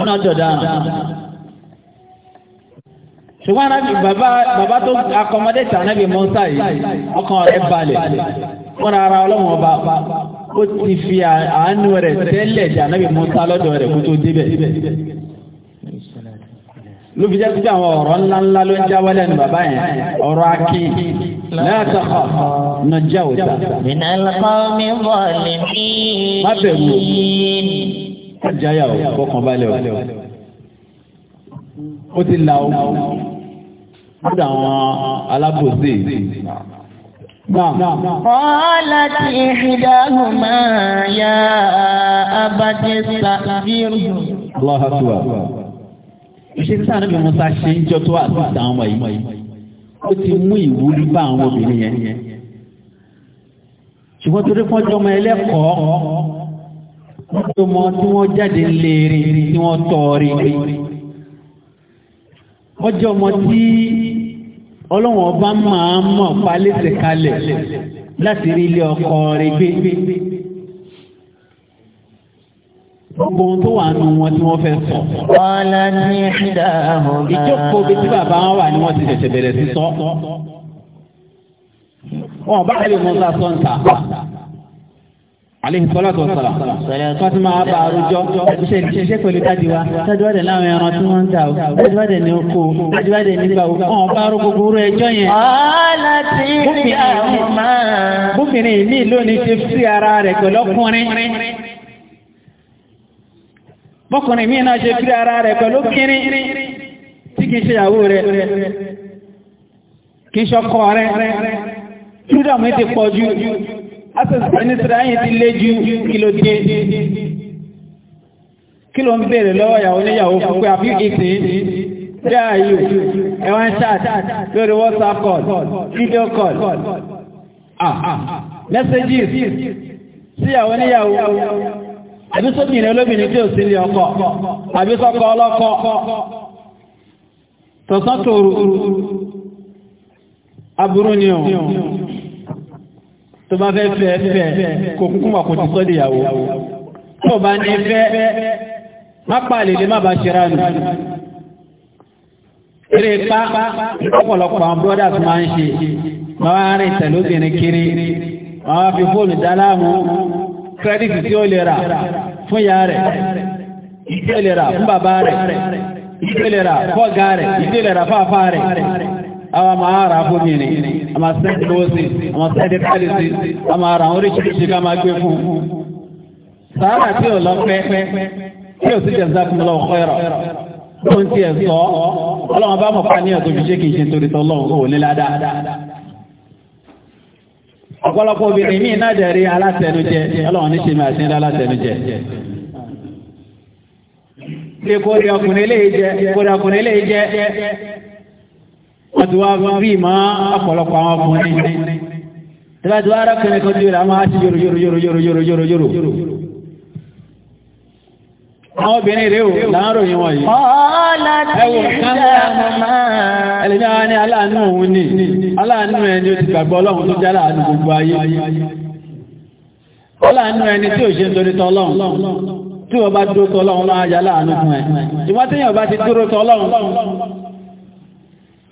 ọ̀nà jọ̀dára
ṣùgbọ́n bàbá tó akọmọdé tànẹ́bì mọ́sá yìí ọkàn rẹ̀ balẹ̀ fún ara ọlọ́run ọba ó ti fi àánú rẹ̀ tẹ́lẹ̀ tànẹ́bì mọ́sá lọ́dọ̀ rẹ̀ kó tó débẹ̀ ló fi jẹ́ pé àwọn ọ̀rọ̀ ló ń já wọlé ní bàbá yẹn ọ̀rọ̀ akí látàkọ̀ nàjà òdà.
ìnáwó mi wọ̀
jáyà ò kọ́kàn balẹ̀ ò ó ti la ó kódà àwọn alábòsí
قالت إحداهما يا أبت استأجره
الله أكبر ìṣe sáà níbi musa ṣe ń jọ tó àtúntà àwọn yìí ó ti mú ìwúrí bá àwọn obìnrin yẹn ṣùgbọ́n torí fọ́jọ́ ọmọ ẹlẹ́kọ̀ọ́ wọ́n tó mọ tí wọ́n jáde léèrè tí wọ́n tọ̀ọ̀rì wọ́n jẹ́ ọmọ tí ọlọ́wọ́n bá máa mọ̀ palẹ́sẹ̀ kalẹ̀ láti rí ilé ọkọ rẹ̀ gbé gbogbo ohun tó wà nù wọn tí wọ́n fẹ́ sọ. ọ̀la ní ìdáhùn náà. ìjókòó bíi tí bàbá wọn wà ní wọ́n ti ṣẹ̀ṣẹ̀ bẹ̀rẹ̀ sí sọ. wọn bá lè mú sá sọ́ńtà. Àléhìn sọ́lọ́tù ọ̀sọ̀lá. Fátímà àbá àrùjọ, ṣe ṣe pẹ̀lú dájú wa, láwọn ẹran tí wọ́n ń ta o, dájú ní oko, dájú nígbà wo, ọ̀n bá rú gbogbo orú ẹjọ́ yẹn. Ọ̀la ti rí àwọn
máa.
Bófinrin ìní lónìí ṣe sí ara rẹ̀ pẹ̀lú ọkùnrin. Bọ́kùnrin mi náà ṣe sí ara rẹ̀ pẹ̀lú kínrin tí kì í ṣe rẹ̀, kì í ṣọkọ rẹ̀. Freedom ti pọ̀ ju asọ̀sọ̀ ní sọ́dá ti lé ju kí ló dé kí ló ń béèrè lọ́wọ́ ìyàwó níyàwó fún pé chat whatsapp call video call ah messages
síyàwó níyàwó àbí sóbìnrin olóbìnrin tí ò sí ọkọ àbí sọ́kọ ọlọ́kọ
tọ̀sán aburú ni ọ̀ tó bá fẹ́ fẹ́ fẹ́ kò kúkú wà kò ti sọ́ di ìyàwó tó bá ní fẹ́ má pàlè lè má bá ṣe ránù eré pa ọ̀pọ̀lọpọ̀ àwọn brothers máa ń ṣe máa rìn tẹ̀lóbìnrin kiri máa fi fóònù dáláàmú kírẹ́dìtì tí ó lè rà fún ìyá rẹ̀ ìdí ó lè rà fún bàbá rẹ̀ ìdí ó lè rẹ̀ ìdí ó lè rẹ̀ àwọn máa ra fún mi ni a máa sẹ́ẹ̀dì lọ́wọ́ sí a máa sẹ́ẹ̀dì pálí sí a máa ra àwọn oríṣiríṣi ká máa gbé fún un. sàárà tí ò lọ pẹ́ tí ò sì jẹ́ zákùn lọ ọ̀kọ́ ẹ̀rọ tó ń tiẹ̀ sọ ọlọ́run bá mọ̀ pa ní ọ̀tún fi ṣe kì í ṣe torí tọ́lọ́run kò ní ládàá. ọ̀pọ̀lọpọ̀ obìnrin míì náà jẹ́ alátẹnujẹ ọlọ́run ní ṣe mi àṣẹ alátẹnujẹ ṣe kórè wọ́n ti wá rí ìmọ̀ ọ̀pọ̀lọpọ̀ àwọn ọkùnrin tíwájú ara kan jùlọ a máa ṣe yòrò yòrò yòrò yòrò yòrò yòrò yòrò àwọn obìnrin rẹ̀ ò láàròyìn wọ̀nyí ẹwọ ẹlẹ́ni àwọn ní tí bá dúró tọ́lọ́run láàájá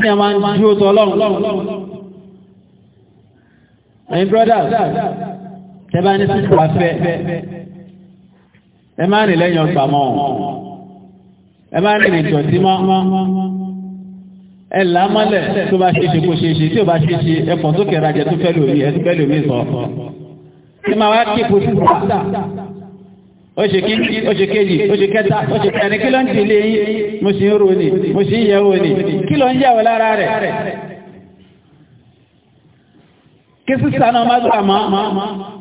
tí a máa ń dúró tọ ọlọ́run ẹ̀yin brothers tẹ́bá ní sísọ afẹ́ ẹ máa rìn lẹ́yìn ọgbà mọ́ ẹ máa rìn ìjọ tí mọ́ ẹ lámọ́lẹ̀ tó bá ṣe ṣe kó ṣe ṣe tí ò bá ṣe ṣe ẹ̀pọ̀ tó kẹ̀rẹ̀ ajẹ́ tó fẹ́ lómi ẹ̀ tó fẹ́ lómi sọ ẹ máa wá kíkó sísọ ó ṣe kí ó ṣe kéjì ó ṣe kẹta ó ṣe kẹni kí ló ń tìlé yí mo sì ń ro ní mo sì ń yẹ̀wò ní kí ló ń yẹ̀wò lára rẹ̀ kí sísà náà má gbà mọ́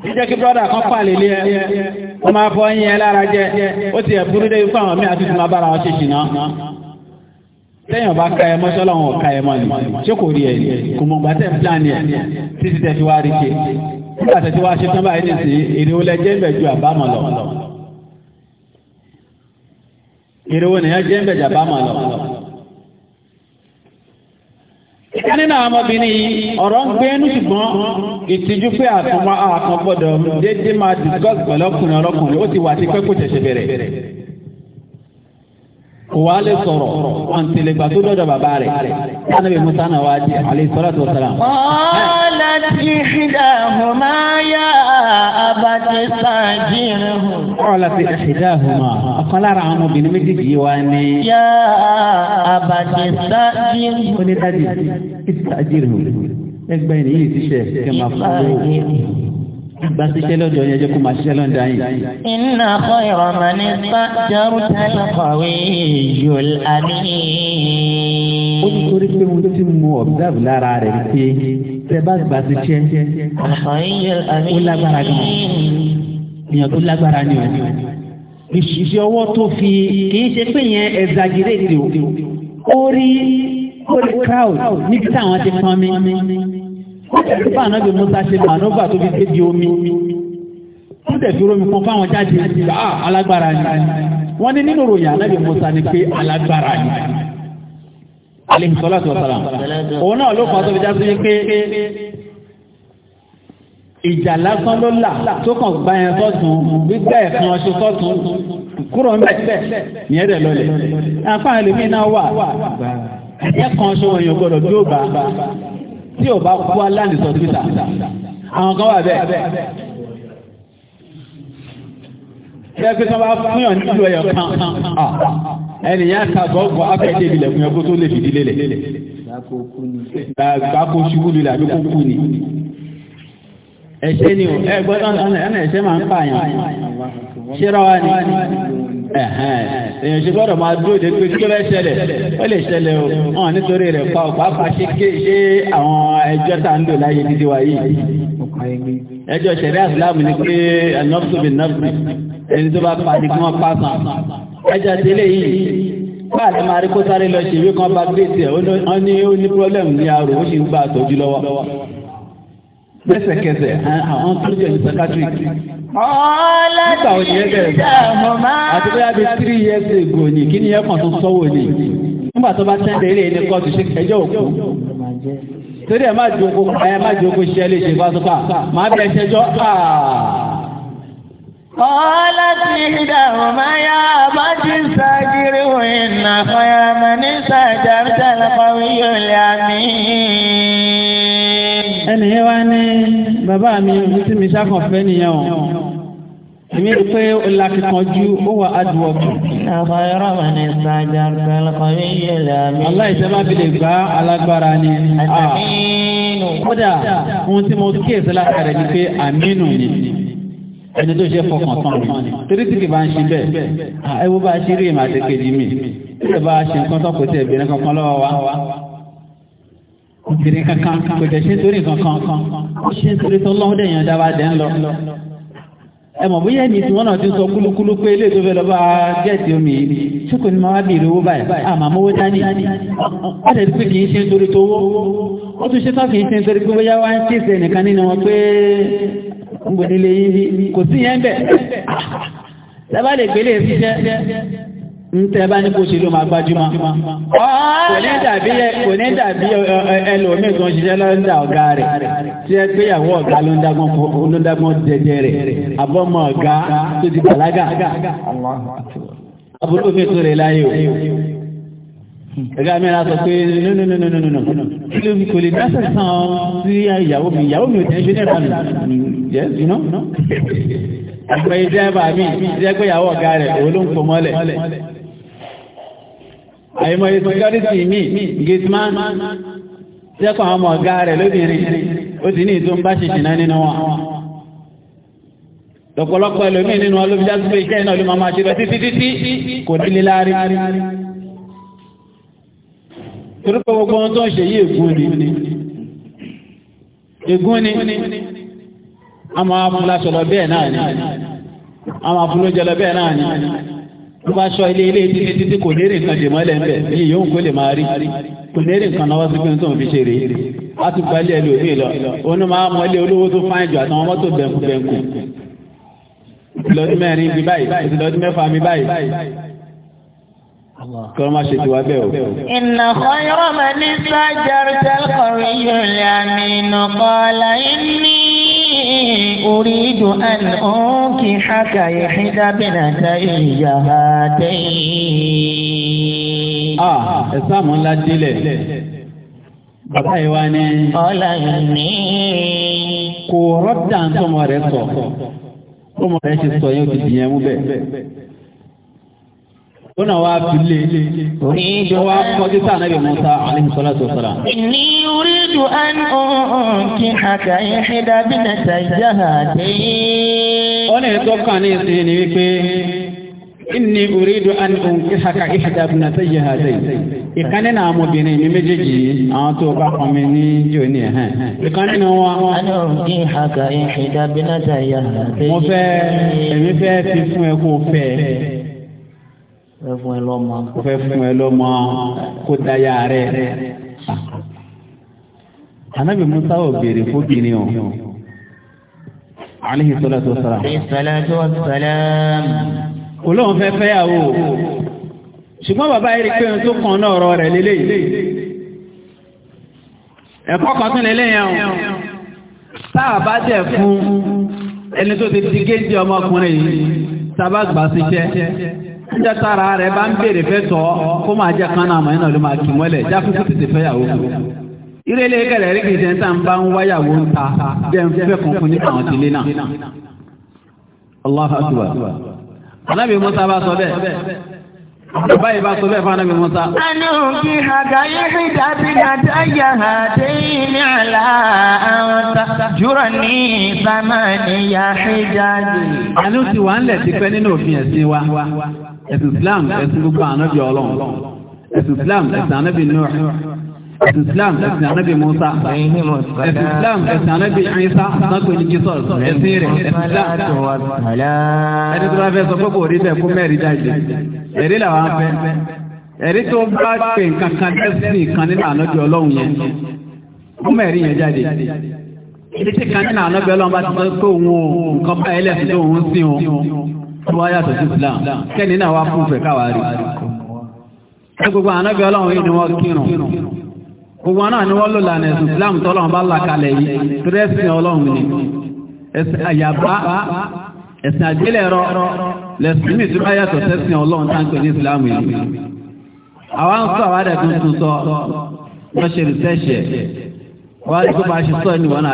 jíjẹ́ kí brọ́dà kan pàlè lé ẹ ó máa fọ́ yín ẹ lára jẹ ó ti ẹ̀ dé fún àwọn míì àti tìmọ̀ bára wọn ṣe ṣìnà tẹ́yàn bá ka ẹ mọ́ sọ́lọ́ ka ẹ mọ́ ni ṣé kò rí ẹ kò mọ̀ gbàtẹ́ plan ẹ títí tẹ́ fi wá rí ṣe nígbà tẹ́ ti wá ṣe tán báyìí nìsín èrè olẹ́jẹ́ ń bẹ̀ ju àbámọ̀ lọ. ìrìwò na jẹ́ ń bẹ̀jà bá máa lọ. ìkan nínú àwọn ọmọbìnrin yìí ọ̀rọ̀ ń gbé ẹnu ṣùgbọ́n ìtìjú pé àtúnmọ́ àkàngbọ́dọ̀ déédéé máa discuss pẹ̀lú ọlọ́kùnrin ó ti wà kò kò wá lè sọ̀rọ̀ àǹtẹ̀lẹ̀gbà tó dọ̀dọ̀ bàbá rẹ̀ sanabi musa náà wá jẹ́ alayhi salatu wa salam. ọ̀la
ti ihdahuma ya abati sajirhu. ọ̀la ti ihdahuma
ọ̀kan lára àwọn obìnrin méjèèjì yìí wá ní. ya abati sajirhu. ó ní dájú ìtajirhu ẹgbẹ́ ìníyìí ti ṣe kí n máa fọ́ Gba ṣiṣẹ́ lọ́dọ̀ yẹn jẹ́ kó máa ṣiṣẹ́
lọ́dọ̀ yìí. Inna khayra man ista'jarta al-qawiyyul amin. Ó ti torí pé mo ti mú ọ̀bùdáàbù lára rẹ̀ pé tẹ bá gba ṣiṣẹ́. Ó lágbára gan. Èèyàn tó lágbára ni o.
Ìṣiṣẹ́ ọwọ́ tó fi kì ṣe pé yẹn exaggerate o. Ó rí ó rí níbi táwọn ti pọn mi báwọn náà bí musa ṣe manova tó fi dé di omi wọ́n tẹ̀ dúró mi fún fáwọn jáde alágbára ni wọ́n ní nínú ròyìn anábì musa ni pé alágbára ni alayhi salatu òun náà ló fọ́n tó fi já sí pé ìjà lásán ló là tó kàn gbá yẹn sọ́tún gbígbẹ́ ẹ̀kan ọṣù sọ́tún kúrò ń bẹ̀ yẹn rẹ̀ lọlẹ̀
apá ẹlòmíín náà wà ẹ̀kan ọṣù wọn yóò gbọ́dọ̀ bí ó bá
tí o bá kú aláǹdì sọ twitter àwọn kan wà bẹ́ẹ̀. Ṣẹ́gbẹ́ tó bá fún yàn nílò ẹyọ kan ẹnìyàn kàgbọ́gbọ́ afẹ́dé ìbílẹ̀ fún ẹkú tó lè fìdí lélẹ̀. Gbàgbọ́ ṣubú lulẹ̀ àbí kó kú ni. Ẹ̀ṣẹ̀ ni ẹgbẹ́ tó ń ẹ̀ṣẹ̀ máa ń pààyàn ṣẹ́ra wa ni èèyàn ṣe gbọ́dọ̀ máa dúró de pé kí ló fẹ́ ṣẹlẹ̀ ó lè ṣẹlẹ̀ o hàn nítorí rẹ̀ pa ọ̀pá pàṣẹ ké ṣé àwọn ẹjọ́ tá à ń lò láyé dídí wa yìí ẹjọ́ ṣẹ̀rí àsìláàmù ni pé ẹ̀nọ́fùsùbì nọ́fùsù ẹni tó bá pa ni kí wọ́n pa sàn ẹjọ́ tẹ́lẹ̀ yìí bá àti máa rí kó sáré lọ ṣèwé kan bá gbé tiẹ̀ ó ní ó ní pírọ́lẹ̀mù ní arò ó sì ń gbà àtọ́jú lọ́wọ́ lẹ́sẹ̀kẹsẹ̀ àwọn tó jẹ́ ní nígbà òní ẹ
bẹ̀rẹ̀ àti bóyá bíi three
years ago ni kí ni ẹ tó sọ́wọ́ ni nígbà tó bá tẹ́ndẹ̀ ilé ní kóòtù ṣe ẹjọ́ òkú torí ẹ má jogo ẹ má jogo ṣe lè ṣe fásitì máa bẹ
Ọlá ti yá bá ti
bàbá mi ní tí mi ṣàkàn fẹ́ nìyẹn o èmi rí pé olùlàkìkanjú ó wà ádùúgbò. ṣàkọ yọrọ mà ní sàjà kẹlẹkọ mi yé lami. aláìsẹ́ má fi lè gbá alágbára ni. àmínú. kódà ohun tí mo kíyèsí látàrẹ ni pé àmínú ni ẹni tó ṣe fọkàn tán mi torí tí kì bá ń ṣe bẹ́ẹ̀ ẹ wo bá ṣe rí ìmọ̀ àtẹkẹ́jì mi ẹ bá ṣe nǹkan tó kò tẹ̀ ẹ̀bìnrin kankan lọ́wọ́ wa obìnrin kankan kò dẹ̀ ṣe torí kankan ó ṣe torí tó lọ́wọ́ dẹ̀yàn dábàá dẹ̀ ń lọ. ẹ mọ̀ bóyá ẹni tí wọ́n náà ti sọ kúlúkúlú pé ilé ìtòfẹ́ lọ́ba gẹ̀ẹ́sì omi yìí ṣé kò ní máa bí ìrówó báyìí àmọ́ mówó ntẹ bá ní kó ṣe máa gbájúmọ́ kò ní dàbí kò ní dàbí ẹlòmíì kan ṣiṣẹ́ lọ́dà ọ̀gá rẹ̀ tí ẹ pé ọ̀gá ló ń dágbọ́n ló ń dágbọ́n jẹjẹ rẹ̀ àbọ̀mọ̀ ọ̀gá tó ti bàlágà àbúrò mi tó rẹ̀ láyé o ẹ̀gá mi ra sọ pé nínú kí ló kò lè dáṣẹ̀ sàn sí ìyàwó mi ìyàwó mi ò tẹ́ ṣe ní ẹ̀fọn yẹ́ sínú àgbẹ̀yẹ dẹ́rẹ́bà mi ìdẹ́gbẹ̀yàwó ọ̀gá rẹ̀ òun ló ń pọ̀ mọ́lẹ̀ àìmọ̀ ìsìnkọ́dìsì mi gateman jẹ́kọ̀ àwọn ọ̀gá rẹ̀ lóbìnrin ó ti ní ìtún bá ṣìṣìná nínú wọn lọ́pọ̀lọpọ̀ ẹlòmí nínú olóbíjá sí pé iṣẹ́ iná olú mamá ṣílọ títí títí kò nílé láàrin torípọ̀ gbogbo ohun tó ń ṣe yí ègún ni ègún ni a máa fún láṣọ lọ bẹ́ẹ̀ náà ni a máa fún lóúnjẹ lọ bẹ́ẹ̀ náà ni ló bá ṣọ ilé ilé títí títí kò lérè nǹkan dè mọ́lẹ̀ ńbẹ̀ yìí yóò kó lè máa rí kò lérè nǹkan náà wá sí pé ń fi ṣe rèé wá ti gba ilé ẹlòmí lọ òun máa mọ olówó tó fáìn jù àtàwọn mọ́tò bẹ̀ǹkù bẹ̀ǹkù lọ́dún mẹ́rin bí báyìí àti mẹ́fà mi báyìí kọ́ máa ṣe tiwa bẹ́ẹ̀ o. inna
khayra man istajarta al-qawiyyu al-aminu qala inni أريد أن أنكحك إحدى بنتي هاتين آه إسلام دليل bàbá yìí wá ní. ọ̀la
kò rọ́dà ń tọmọ rẹ̀ sọ. tọmọ rẹ̀ ṣe sọ yẹn ti dìyẹn mú bẹ́ẹ̀ ó náà wá fi lé ó wá kọjú sáà náà bí Musa alayhi salatu wa salam.
Inni uridu an unkihaka ihda binatay jahatayn. ó ní ètò
kan ní ìsìn ní wípé inni uridu an unkihaka ihda binatay jahatayn. ìkànnì náà ọmọbìnrin mi méjèèjì àwọn tó bá kọ́ mi ní jò ní ẹ̀hẹ́n. ìkànnì náà wọ́n. an unkihaka ihda binatay jahatayn. mo fẹ́ èmi fẹ́ fi fún ẹ kó fẹ́
fẹ́ fún ẹ lọ́mọ. kò fẹ́ fún ẹ
lọ́mọ kó dáyà rẹ̀. anabi musa ò béèrè fóbìnrin o. aleyhi salatu wa salam.
aleyhi salatu wa salam. olóhùn fẹ́ fẹ́yàwó ṣùgbọ́n bàbá yìí rí
pé ohun tó kàn náà ọ̀rọ̀ rẹ̀ lélẹ́yìí. ẹ̀kọ́ kan tún lélẹ́yìn o. táà bá jẹ́ fún ẹni tó ti di géńdé ọmọkùnrin yìí tá a bá gbà níjẹ́ tára rẹ̀ bá ń béèrè fẹ́ tọ́ kó máa jẹ́ kan náà mọ̀ iná ló máa kì mọ́lẹ̀ jákúkú tètè fẹ́yàwó ìrẹ́lẹ̀ kẹlẹ̀ rí kìí tẹ́ńtà ń bá ń wáyàwó ń ta ń fẹ́ kankan nípa àwọn tìlé náà anábì Musa bá sọ bẹ́ẹ̀ bá sọ bẹ́ẹ̀ fún anábì Musa.
ẹnu kí àlá àwọn
ní wà ń lẹ̀ tipẹ́ nínú òfin ẹ̀sìn wa. ẹ̀sìn Islam ẹ̀sìn gbogbo ànábì ọlọ́run ẹ̀sìn Islam ẹ̀sìn ànábì Nuh ẹ̀sìn Islam ẹ̀sìn ànábì Musa ẹ̀sìn Islam ẹ̀sìn ànábì Isa sanko ní Jesus ẹ̀sìn rẹ̀ ẹ̀sìn Islam ẹni tó bá fẹ́ sọ pé kò rí bẹ́ẹ̀ kó mẹ́rin dájú ẹ̀rí làwọn afẹ́ ẹ̀rí tó bá pè kankan ẹ̀sìn kan nínú ànábì ọlọ́run yẹn kó mẹ́rin yẹn jáde ilé tí kan nínú ànábì ọlọ́run bá ti sọ pé òun nǹkan báyìí lẹ́sìn tó òun sí òun tó wá yàtọ̀ sí Islam kẹ́ni náà wá fún fẹ̀ káwàá rí ẹ gbogbo ànábì ọlọ́run yìí ni wọ́n kírun gbogbo náà ni wọ́n lò lànà ẹ̀sùn Islam tọ́lọ́run bá là kalẹ̀ yìí tírẹ́sì ọlọ́run ni ẹ̀sìn àyàbá ẹ̀sìn àgbélẹ̀rọ lẹ́sìn mi tí wọ́n yàtọ̀ sẹ́sìn ọlọ́run tá ń pè ní Islam yìí àwa ń sọ àwádẹ́ tuntun sọ wọ́n ṣe rìsẹ́ṣẹ̀ wọ́n á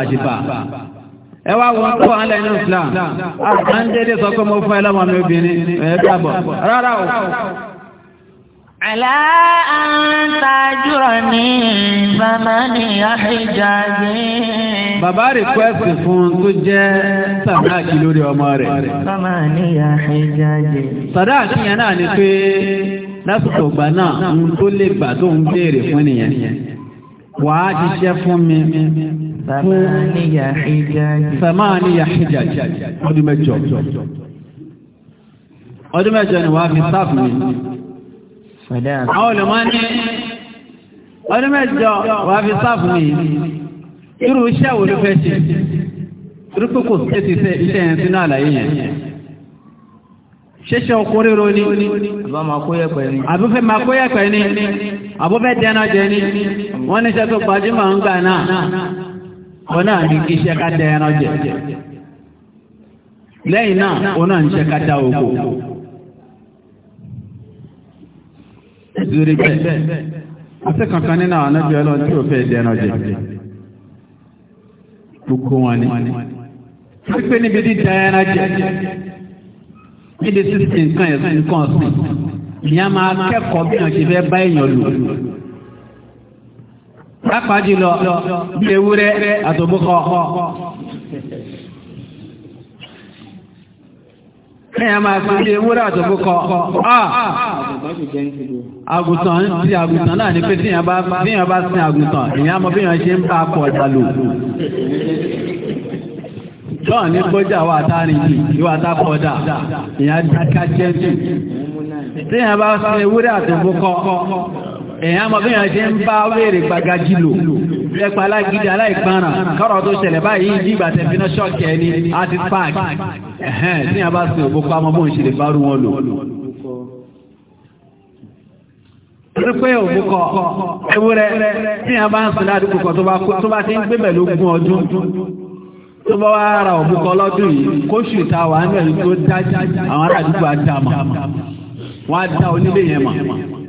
ẹ wọn tó wọn lẹ́nu Islam à ń dédé
sọ pé mo fún ẹ mi obìnrin ẹ káàbọ̀ rárá o.
bàbá
Bàbá rìkwẹ́sì fún tó jẹ́ sàdáàkì lórí ọmọ rẹ̀. Bàbá Sàdáàkì yẹn náà ni pé lásìkò náà tó lè gbà tó ń béèrè mi.
Samaniya hijaji. Samaniya hijaji. Ọdún mẹ́jọ.
Ọdún mẹ́jọ ni wàá fi sáàfù mi. Àwọn olùmọ́ ní ọdún mẹ́jọ wàá fi sáàfù mi. Irú iṣẹ́ wo ló fẹ́ ṣe? Irú pé kò sí ti fẹ́ iṣẹ́ yẹn sínú àlàyé yẹn. Ṣéṣe ọkùnrin ro Àbúfẹ́ máa kó yẹ̀pẹ̀ ni. Àbúfẹ́ dẹ́nà jẹ ni. Wọ́n ní iṣẹ́ tó gbajúmọ̀ ń gbà náà. òun náà iṣẹ́ ká ẹran jẹ lẹ́yìn náà náà ń ṣe bẹ́ẹ̀
àti kankan nínú àwọn ọ̀nà bí ọlọ́run tí fẹ́ ẹran jẹ
ni níbi dídá ẹran jẹ níbi sísìn nǹkan ẹ̀sìn ìyá máa kẹ́kọ̀ọ́ bí wọ́n ṣe fẹ́ pápá jùlọ bí ewúrẹ́ àtòbúkọ.
Kẹ́yà máa fi ilé ewúrẹ́ àtòbúkọ. Àgùntàn
ti àgùntàn náà ni pé tíyàn bá sin àgùntàn, èyàn mọ̀ bí yàn ṣe ń bá pọ̀ ìdàlù. John ní kọjá wà tárin yìí, ìwà tápọ̀ dà, èyàn dákà jẹ́ tù. Tíyàn bá sin ewúrẹ́ àtòbúkọ. èèyàn mọ̀ bí yàn ṣe ń bá wéèrè gbàgàjì lò ẹ̀pà aláìgídí aláìgbáràn kọ́rọ̀ tó ṣẹlẹ̀ báyìí ní tẹ̀fínà ṣọ́ọ̀kì ẹni àti park ẹ̀hẹ́n tí bá sin òbó pamọ́ bó ṣe lè bá rú wọn lò. pé òbó ewúrẹ́ tí bá ń tó bá ti ń gbé bẹ̀ lógún ọdún tó bá wá ra lọ́dún yìí kóṣù wà tó àwọn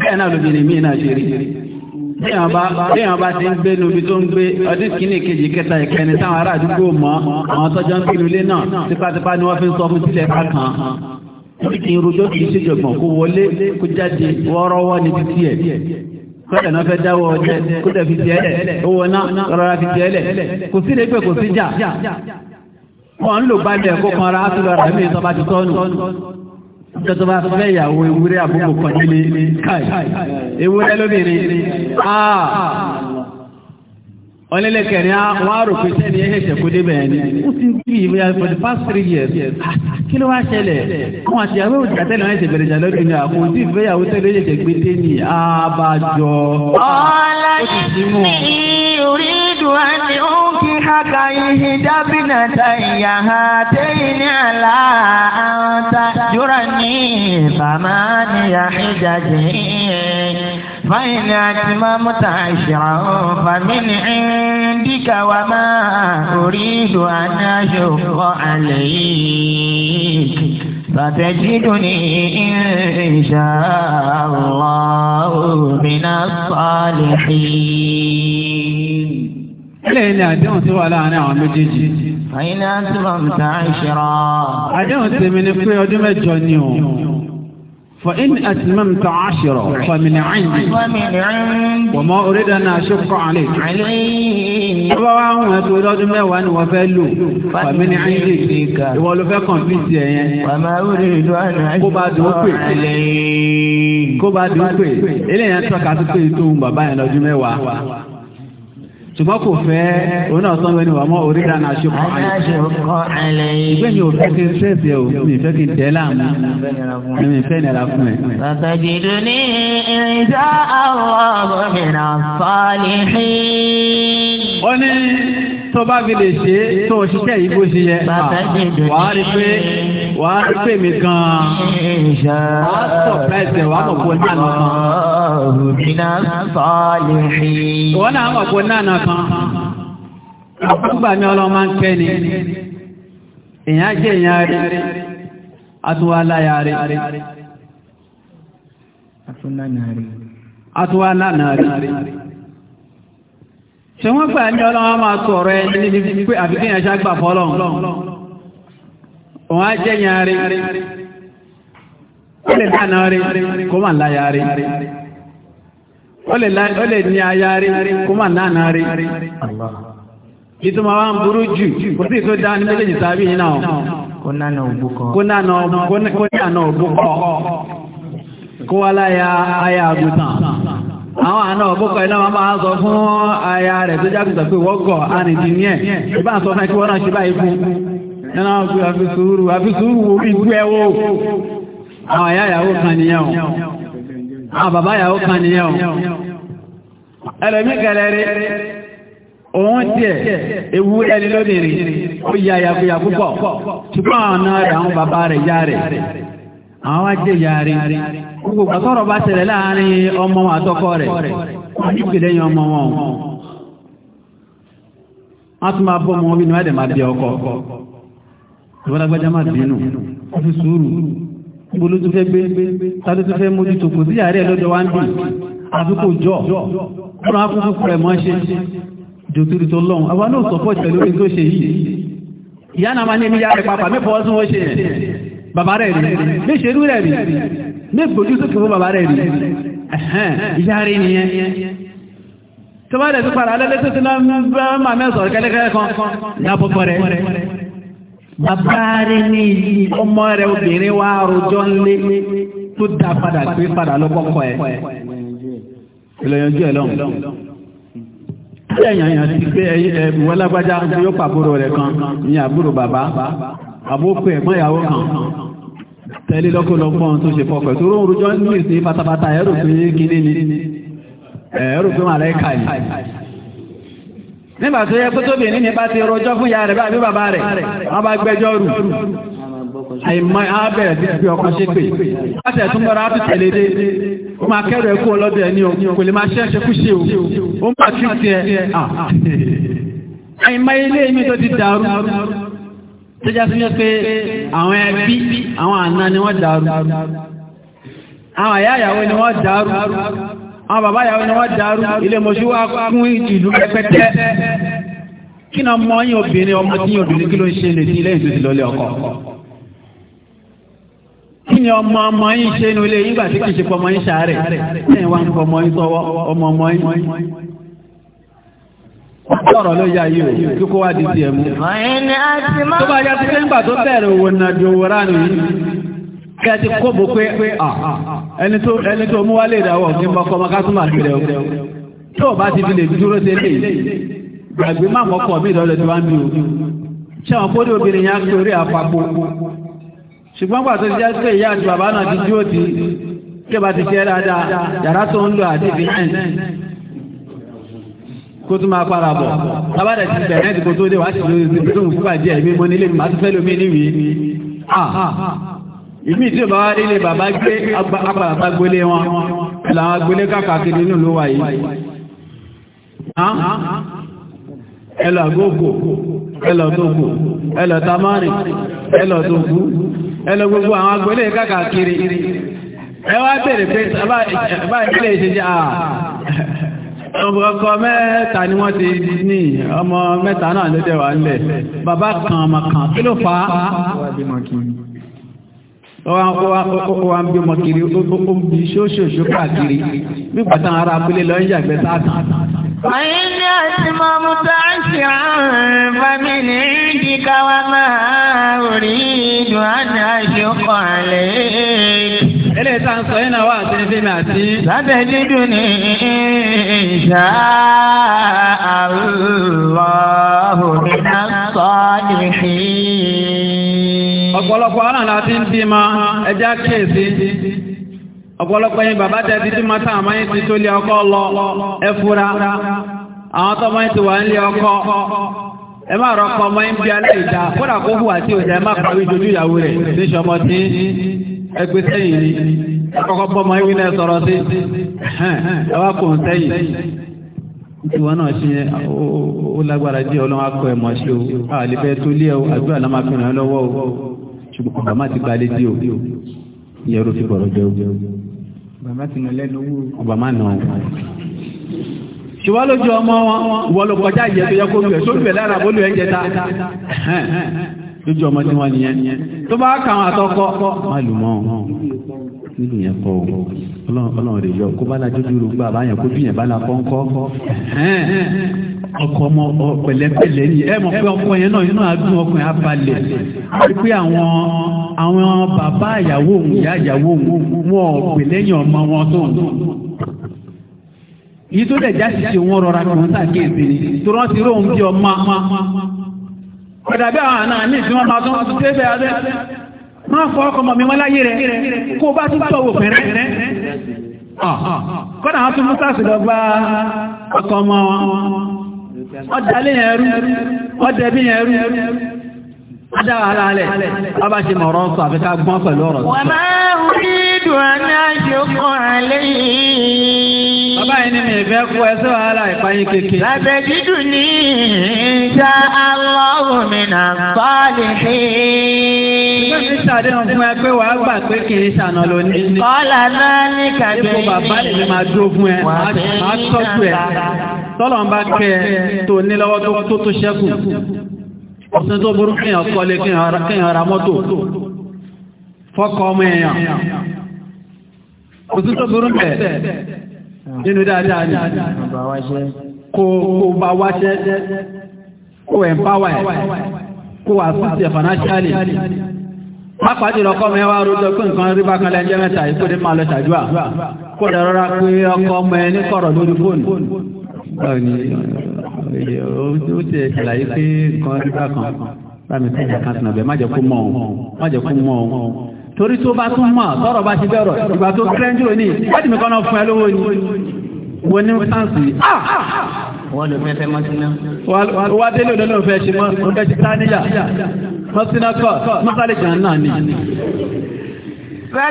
bẹ́ẹ̀ náà lóbìnrin mí náà ṣe rí téèyàn bá ti ń gbé níbi tó ń gbé ọdún kìíní kejì kẹta ìkẹni táwọn ará àdúgbò mọ̀ àwọn tọ́jọ́ ń pinnu ilé náà tipátipá ni wọ́n fi ń sọ fún sílẹ̀ ká kan kí n rojọ́ kìí ṣèjọ̀gbọ̀n kó wọlé kó jáde wọ́ọ́rọ́wọ́ níbi tiẹ̀ kọ́lẹ̀ náà fẹ́ dáwọ́ ọjẹ́ kó dẹ̀ fi tiẹ̀ lẹ̀ owó náà rọra fi tiẹ̀ lẹ̀ kò sí lè pẹ́ kò sí jà wọ́n ń lò balẹ̀ kó kan ara á tún lọ rà mí ìtọ́ jọtọ bá fẹ́ ìyàwó ewúrẹ́ àbúkù kọ̀nílé káì ewúrẹ́ lóbìnrin ah! wọ́n nílẹ̀ kẹrin rò pé sẹ́ni ẹ̀ ṣẹ̀ṣẹ̀ kó débẹ̀ ẹni ó ti ń bí ìwé for the past three years kí ló wá ṣẹlẹ̀ àwọn àti òjì àtẹ́lẹ̀ wọn ṣe bẹ̀rẹ̀ jà lọ́dún ní àkókò tí
ìgbéyàwó tẹ́lẹ̀ yẹ̀ ṣe pété ní abájọ. ọ̀la ní orí ìdùn àti òǹkì haka yìí dábìnà ta ìyá ha tẹ́yìn ní àlá àwọn ta jùrọ̀ ní ìbámá ní àhíjáde yẹn. فإن أتممت عشرا فمن عندك وما أريد أن أشق عليك فتجدني إن شاء الله من الصالحين eléyìí ni àdéhùn tí wà láàrin àwọn méjèèjì. àyínlá tí wọn ń ta àìṣe rà. àdéhùn tèmi ni pé ọdún mẹ́jọ ni o.
فإن أتممت عشرة فمن عندي وما أريد أن أشق عليك ọba wa ń wọn tó lọ́dún mẹ́wàá ni wọ́n fẹ́ lò fàmí ní àìsí ìwọ ló fẹ́ kàn fi tiẹ̀ yẹn kó bá dùn ó pè kó bá dùn ó pè eléyàn tọ́ka sí pé tó ń bàbá yẹn lọ́dún mẹ́wàá ṣùgbọ́n kò fẹ́ òun náà sọ wẹ́ni wà mọ́ oríra náà ṣe kọ́ àlẹ́ ìgbẹ́ mi ò fẹ́ kí n tẹ̀sí ẹ̀ o mi fẹ́ kí n tẹ̀ láàmú mi mi fẹ́ nira fún ẹ.
pàtàkì dùn ní ìjà àwọn gómìnà fọ́ọ̀lì ó ní tó bá fi lè ṣe tó òṣìṣẹ́ yìí bó ṣe yẹ
wàá rí pé wà á pè mí gan-an wà á sọ̀pẹ́sì wà á mọ̀ kó nànà kan. wọ́n náà mọ̀ kó nànà kan. àkúgbà mi ọlọ́mọ ń kẹ́ ni èèyàn jẹ́ èèyàn rí
atúwáláyà rí atúwálánà rí
ṣe wọ́n gbà ní máa sọ̀rọ̀ ẹni pé àbíkẹ́yàn fọ́lọ́run òun á jẹ́ o ó lè dáná rí kó mà láyà rí ó lè ní aya rí kó mà náà rí ìtumọ̀ wa ń burú jù kò sí méjèèjì sábì náà kó nánà kọ kó nánà ògbó kọ kó wá láyà aya àgùntàn àwọn àna ọ̀bọ́kọ̀ iná máa máa sọ fún aya rẹ̀ tó jágùntàn pé wọ́gọ̀ àrìndínlẹ̀ ìbá sọ fún ẹ kí wọ́n náà ṣe báyìí nínú àwọn ọgbẹ́ àfi sùúrù àfi sùúrù wo ìgbú ẹwọ́
àwọn àyà ìyàwó kan nìyẹn
àwọn bàbá kan nìyẹn ẹlẹ́mí kẹlẹ́rẹ́ òun tiẹ̀ ewu ẹni lóbìnrin ó ya yàgòyà púpọ̀ ṣùgbọ́n àwọn náà rẹ̀ àwọn bàbá rẹ̀ yá rẹ̀ àwọn ajé yàrí gbogbo àtọ́rọ̀ bá tẹ̀lẹ̀ láàrin ọmọ àtọ́kọ rẹ̀ ìpìlẹ̀ yẹn ọmọ wọn wọ́n bọ́ ọmọ wọn bí ní wọ́n dẹ̀ máa bí ọkọ ìwọ́lágbájá máa bínú ó fi sùúrù níbo ló tún fẹ́ gbé tàbí tún fẹ́ mójútó kò sí àárẹ̀ lọ́jọ́ wá ń bì àdúgbò jọ ọ̀rọ̀ akúkú rẹ̀ mọ́ ṣe jòtúrú tó lọ́hùn àwọn náà sọ pọ̀jù pẹ̀lú orin tó ṣe yìí ìyá náà máa ní ẹni yára pàpà mẹ́fọ́ ọdún wọ́n ṣe rẹ̀ bàbá rẹ̀ rí méṣerú rẹ̀ rí mégbòjú sókè fún bàbá rẹ̀ rí bàbá rẹ ní ìlú ọmọ rẹ obìnrin wa rojọ́ ńlé tó da padà pé padà lọ́kọ́kọ́ ẹ̀ ìlọ̀yànjú ẹ̀ lọ́hùn. ẹ̀yàn ti pé ẹ̀wọ́n lágbájá yóò pàbúrò rẹ̀ kan ní àbúrò bàbá àbókù ẹ̀gbọ́n ìyàwó kan tẹ́lẹ̀ lọ́kọ́ lọ́gbọ́n tó ṣe fọkọ̀ tó rọrùn rojọ́ ńlé sí pátápátá ẹ̀rù pé kíní ni ẹ̀rù pé màlẹ́ kàlí. nígbà tó yẹ kótóbìnrin ní bá ti fún ya rẹ̀ bí bàbá rẹ̀ wọ́n bá gbẹ́jọ́ rù
àìmọ́ abẹ́rẹ̀ ti ṣe láti ẹ̀tún mọ́ra á ti tẹ̀lé dé
ó máa ẹ̀kú ẹni o kò lè máa ṣẹ́ṣẹ́ kú ṣe o ó máa tún ti ẹ àìmọ́ ilé mi tó ti dàrú ni wọ́n dàrú àwọn àwọn bàbá ìyàwó ni wọ́n dàrú ilé mọ̀ṣú wá kún ìlú pẹ́pẹ́tẹ́ kí náà mọ́ yín obìnrin ọmọ tí yín obìnrin kí ló ń ṣe lè sí ilé ìtòsí lọ́lẹ̀ ọkọ kí ni ọmọ ọmọ yín ṣe inú ilé yín gbà tí kì í ṣe pọ̀ ọmọ yín ṣàárẹ̀ lẹ́yìn wá ń kọ ọmọ yín ọmọ ọmọ yín ló yìí o, kíkó wá di ti ẹ̀mú.
Tó bá yá ti pé kẹ́ẹ̀tì kóbo pé
ẹni tó ẹni tó mú wálé ìdáwọ̀ kí n bọ́ kọ́ o tó bá ti fi lè dúró sí agbe gbàgbé má kọ́kọ́ mi lọ́dọ̀ tí o ṣé wọn kóde obìnrin yẹn á torí àpapọ̀ ṣùgbọ́n pàtó ti pé ìyá àti bàbá náà ti dúró kí bá ti dáadáa yàrá tó ń àti kó tún máa para bọ̀ tábàdà ti bẹ̀rẹ̀ tó dé wàá ti lórí ìmí tí bá rí lè bàbá gbé agbàbà gbélé wọn làwọn gbélé kàkàkiri nínú ló wà yìí ẹlọ àgógò ẹlọ tógò ẹlọ tamari ẹlọ tógù ẹlọ gbogbo àwọn agbélé kàkàkiri ẹ wá bèèrè pé bá ìpínlẹ̀ ìṣẹ́jẹ́ àà ọkọ̀ mẹ́ta ni wọ́n ti ní ọmọ mẹ́ta náà ló ń lẹ̀ bàbá kan ọmọ kan kí ló fà wọ́n wá ń bí ọmọ kiri ó ń bí ṣóṣòṣó káàkiri nígbà táwọn ará abúlé lọ ń yàgbẹ́ sáàtàn.
ọ̀yẹ́ ní àti máa mú táàsì àrùn fámìlì ìdí káwá máa rí ìdùn àti àṣọkọ̀ àlẹ́. eléyìí tá à ń sọ yín náà wà àti ní fíìmù àti. lábẹ́ dídùn ní ìṣá àlọ́ òmìnira sọ́ọ́ nìyí.
ọ̀pọ̀lọpọ̀ ọ̀nà láti ń ti ma ẹjá ọ̀pọ̀lọpọ̀ yìí bàbá tí máa tàà máa ń ti tó lé ọkọ lọ ẹfúra àwọn tó máa ń ti wà ń lé ọkọ ẹ máa máa ń bí alẹ́ kó òjá ẹ máa ìyàwó rẹ̀ ọmọ tí ẹgbẹ́ sẹ́yìn máa ń wí náà sọ̀rọ̀ sí ẹ wá kò náà ṣe ó lágbára díẹ̀ ọlọ́wọ́ akọ ṣe tó lé àdúrà náà máa fi ràn án lọ́wọ́ ṣùgbọ́n màmá ti gbalẹ̀ dí o ìyẹn ló fi bọ̀rọ̀ jẹ́ o. bàbá ti nà lẹ́nu wò. ọba máa nà ọ́. ṣùgbọ́n lójú ọmọ wọn wọ́n ló kọjá ìyẹn tó yẹ kó lùẹ̀ sórí rẹ̀ lára bó lùẹ̀ ń jẹ ta lójú ọmọ tí wọ́n nìyẹn tó bá kà wọn àtọkọ má lù mọ́ nínú yẹn kọ ọlọ́run rẹ̀ yọ kó bá lajú dúró gbà bá yẹn kó bí yẹn bá la kọ́ńkọ́ ọkọ ọmọ pẹ̀lẹ́pẹ̀lẹ́ ni ẹ mọ̀ pé ọkọ yẹn náà inú àdúgbò ọkùnrin abalẹ̀ pé àwọn àwọn bàbá ìyàwó òun ìyá ìyàwó òun wọn ọ̀pẹ lẹyìn ọmọ wọn tó ń yìí tó dẹ̀ já ṣiṣẹ́ wọn rọra kí wọ́n ṣàkíyèsí bí ọmọ àwọn ní ìsinmi ọmọ máa fọ mọ̀mí wọn láyé kó bá tún
ọ̀dàlẹ̀ yẹn rú ọ̀dẹ̀bí yẹn rú
ọ̀dà wàhálà alẹ̀ ọba ṣe mọ̀ ọ̀rọ̀ sọ àfi ká gbọ́n pẹ̀lú ọ̀rọ̀ sọ. wàmà
rídu anáṣokọ̀ alẹ́ yìí. bàbá yìí ni mi fẹ́ kú ẹsẹ̀ wàhálà ìpáyín kékeré. bàbá dídùn ní ìjà alọ́wọ́ mi nà bọ́ọ̀lì ṣe. ṣé mi ṣàdéhùn fún ẹ pé wàá gbà pé kì í ṣàná lónìí. kọ́lá náà
ní kàdé yìí. ipò bàbá yìí ni máa dúró fún ẹ máa tọ́jú ẹ tọ́lọ̀ ń bá kẹ́ tó nílọ́wọ́ tó tó ṣẹ́kù ọ̀sán tó burú kí èèyàn kọ́lé kí èèyàn ra mọ́tò fọ́kọ́ ọmọ èèyàn ọ̀sán
tó burú bẹ̀
nínú dáadáa ni kó bá wáṣẹ́ kó ẹ̀mpáwà ẹ̀ kó wà sí ṣe fànáṣálì
pápá jùlọ kọ́ mẹ́wàá rúdọ pé nǹkan rí bákan lẹ́jẹ́ mẹ́ta ìkó dé máa lọ ṣàdúrà kó dẹ̀rọ́ra pé ọkọ̀ ọmọ ẹni kọ̀rọ̀ lórí fóònù báwo ni eh, ó ti ṣàlàyé pé nǹkan ẹgbẹ́ kan láàmì tí ìjà kan ti nàbẹ̀ má jẹ́ kó mọ̀ ọ́n má jẹ́ kó mọ̀ ọ́n torí tó bá tún mọ̀ tọ́rọ̀ bá ti bẹ̀rọ̀ ìgbà tó kẹ́ńjú ní wájú mi kan náà fún ẹ lówó ni wo ní sáǹsì ah! wọ́n lè fẹ́ mọ́ sínú. wá délé òdòdó fẹ́ ṣe mọ́ ọ̀dọ́ ti tá níyà mọ́ sínú kọ́ mọ́sálẹ̀ jàn náà ni.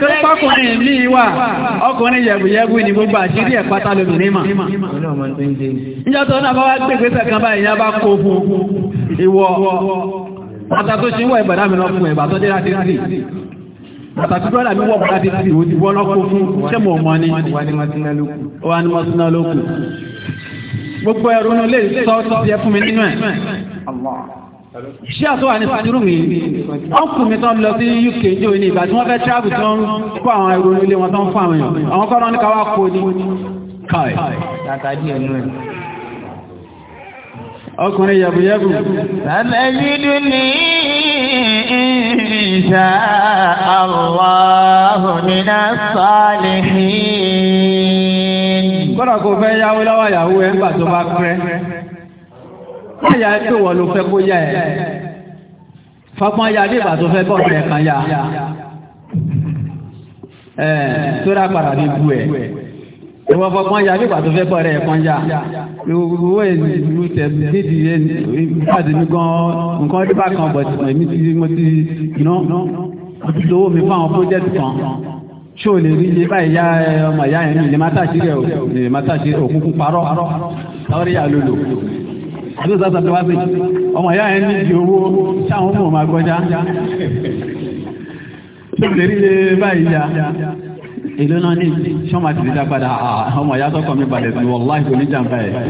tó pọ́kùnrin mi wà ọkùnrin yẹ̀bùyẹ̀bù ni gbogbo àṣírí ẹ̀ pátá lómìnir mà náà bá wá gbé ìgbésẹ̀ kan báyìí bá kó fún ìwọ ọ̀tà ṣe ń ìbàdá mi brọ́dà ti ìwò ti wọ́n fún wà ní lókù gbogbo Ṣé àtúwà ní Fàdúrú mi? Wọ́n mi tán lọ sí UK ní ìgbà tí wọ́n fẹ́ travel tí wọ́n kó àwọn ẹrù ilé wọn tán fún àwọn èèyàn. Àwọn kọ́rọ́ ní káwá kó ní. Káì.
Ọkùnrin yẹ̀bùyẹ̀bù. Allah mina salihin. Kọ́dà
wọ́n yà pé wọ́n ló fẹ́ kó yá ẹ̀
fọ́pọ́n yá bí ìgbà tó fẹ́ bọ́ọ̀dù ẹ̀ kan yá ẹ̀ sódà padà bí bu ẹ̀ ìwọ́n fọ́pọ́n yá bí ìgbà tó fẹ́ bọ́ọ̀dù ẹ̀ kan yá owó ìlú tẹ̀ nídìí ẹ̀ nígbàdí mi gan nǹkan ọdún bá kan bọ̀tì mọ̀ èmi ti mo ti iná lówó mi fún àwọn pọ́jẹ́tì kan ṣé o lè rí iye báyìí yá ọmọ ìyá yẹn ní ìlẹ̀ mátàṣí rẹ̀ òkùnkùn parọ́ táwọn rí yà lólò àti sọ́sọ́ tó wá sí ọmọ ìyá ẹ̀ ní ìdí owó sáwọn ọmọ ọmọ agbọ́já lóòrè rí báyìí ya èlò náà ní ṣọ́mà ti dídá padà ah, ọmọ ìyá tọ́kọ̀ mi balẹ̀ sí wọ́n láì kò ní jàǹbá ẹ̀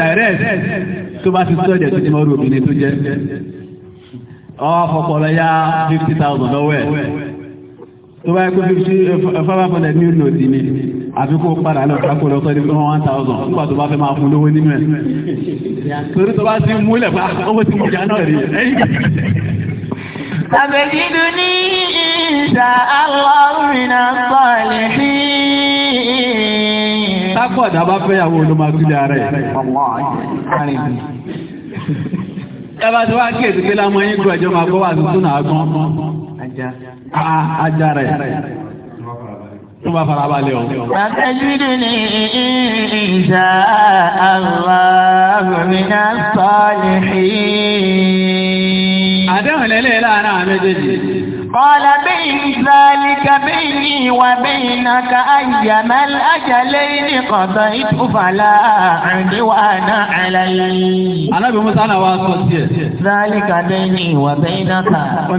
direct tó bá ti sọ́jẹ̀ tó ti mọ́rù obìnrin tó jẹ́ ọ fọpọlọ ya 50,000 lọ́wọ́ ẹ̀ tó bá ẹkùn fífí fábàbọ̀lẹ̀ ní ìlú òdì ní àfikún padà lọ kákòrò ọ̀tọ́ ní fún 1000 nígbà tó bá fẹ́ máa fún lówó nínú ẹ̀ torí tó bá ti múlẹ̀ bá owó ti mújà náà rí ẹ̀yìn
Àbẹ̀gídú ní ìṣà alọ́rìnà sọ̀lẹ̀ sí. Tápọ̀dà bá
fẹ́ yàwó ló máa gúlẹ̀ ara ẹ̀.
Ẹbá tí wá kí èsì pé lámọ́
yín gbọ́jọ́ máa gbọ́wà tuntun náà gan-an. Ah, ajá rẹ̀
tó bá fara balẹ̀ o. Àtẹ̀júdù ni insha Allahu minas salihin. Àdéhùn lélẹ̀ láàárín àwọn méjèèjì. Kọ́lá bí ìsáàlìkà bí ní ìwà bí ìnaka àyàmá ajalé ní kọ̀tọ̀ ìtúfàlà àríwá náà àlàyé. Alábìmúsá náà wá sọ sí ẹ̀. Sáàlìkà bí ní ìwà bí ìnaka. Ó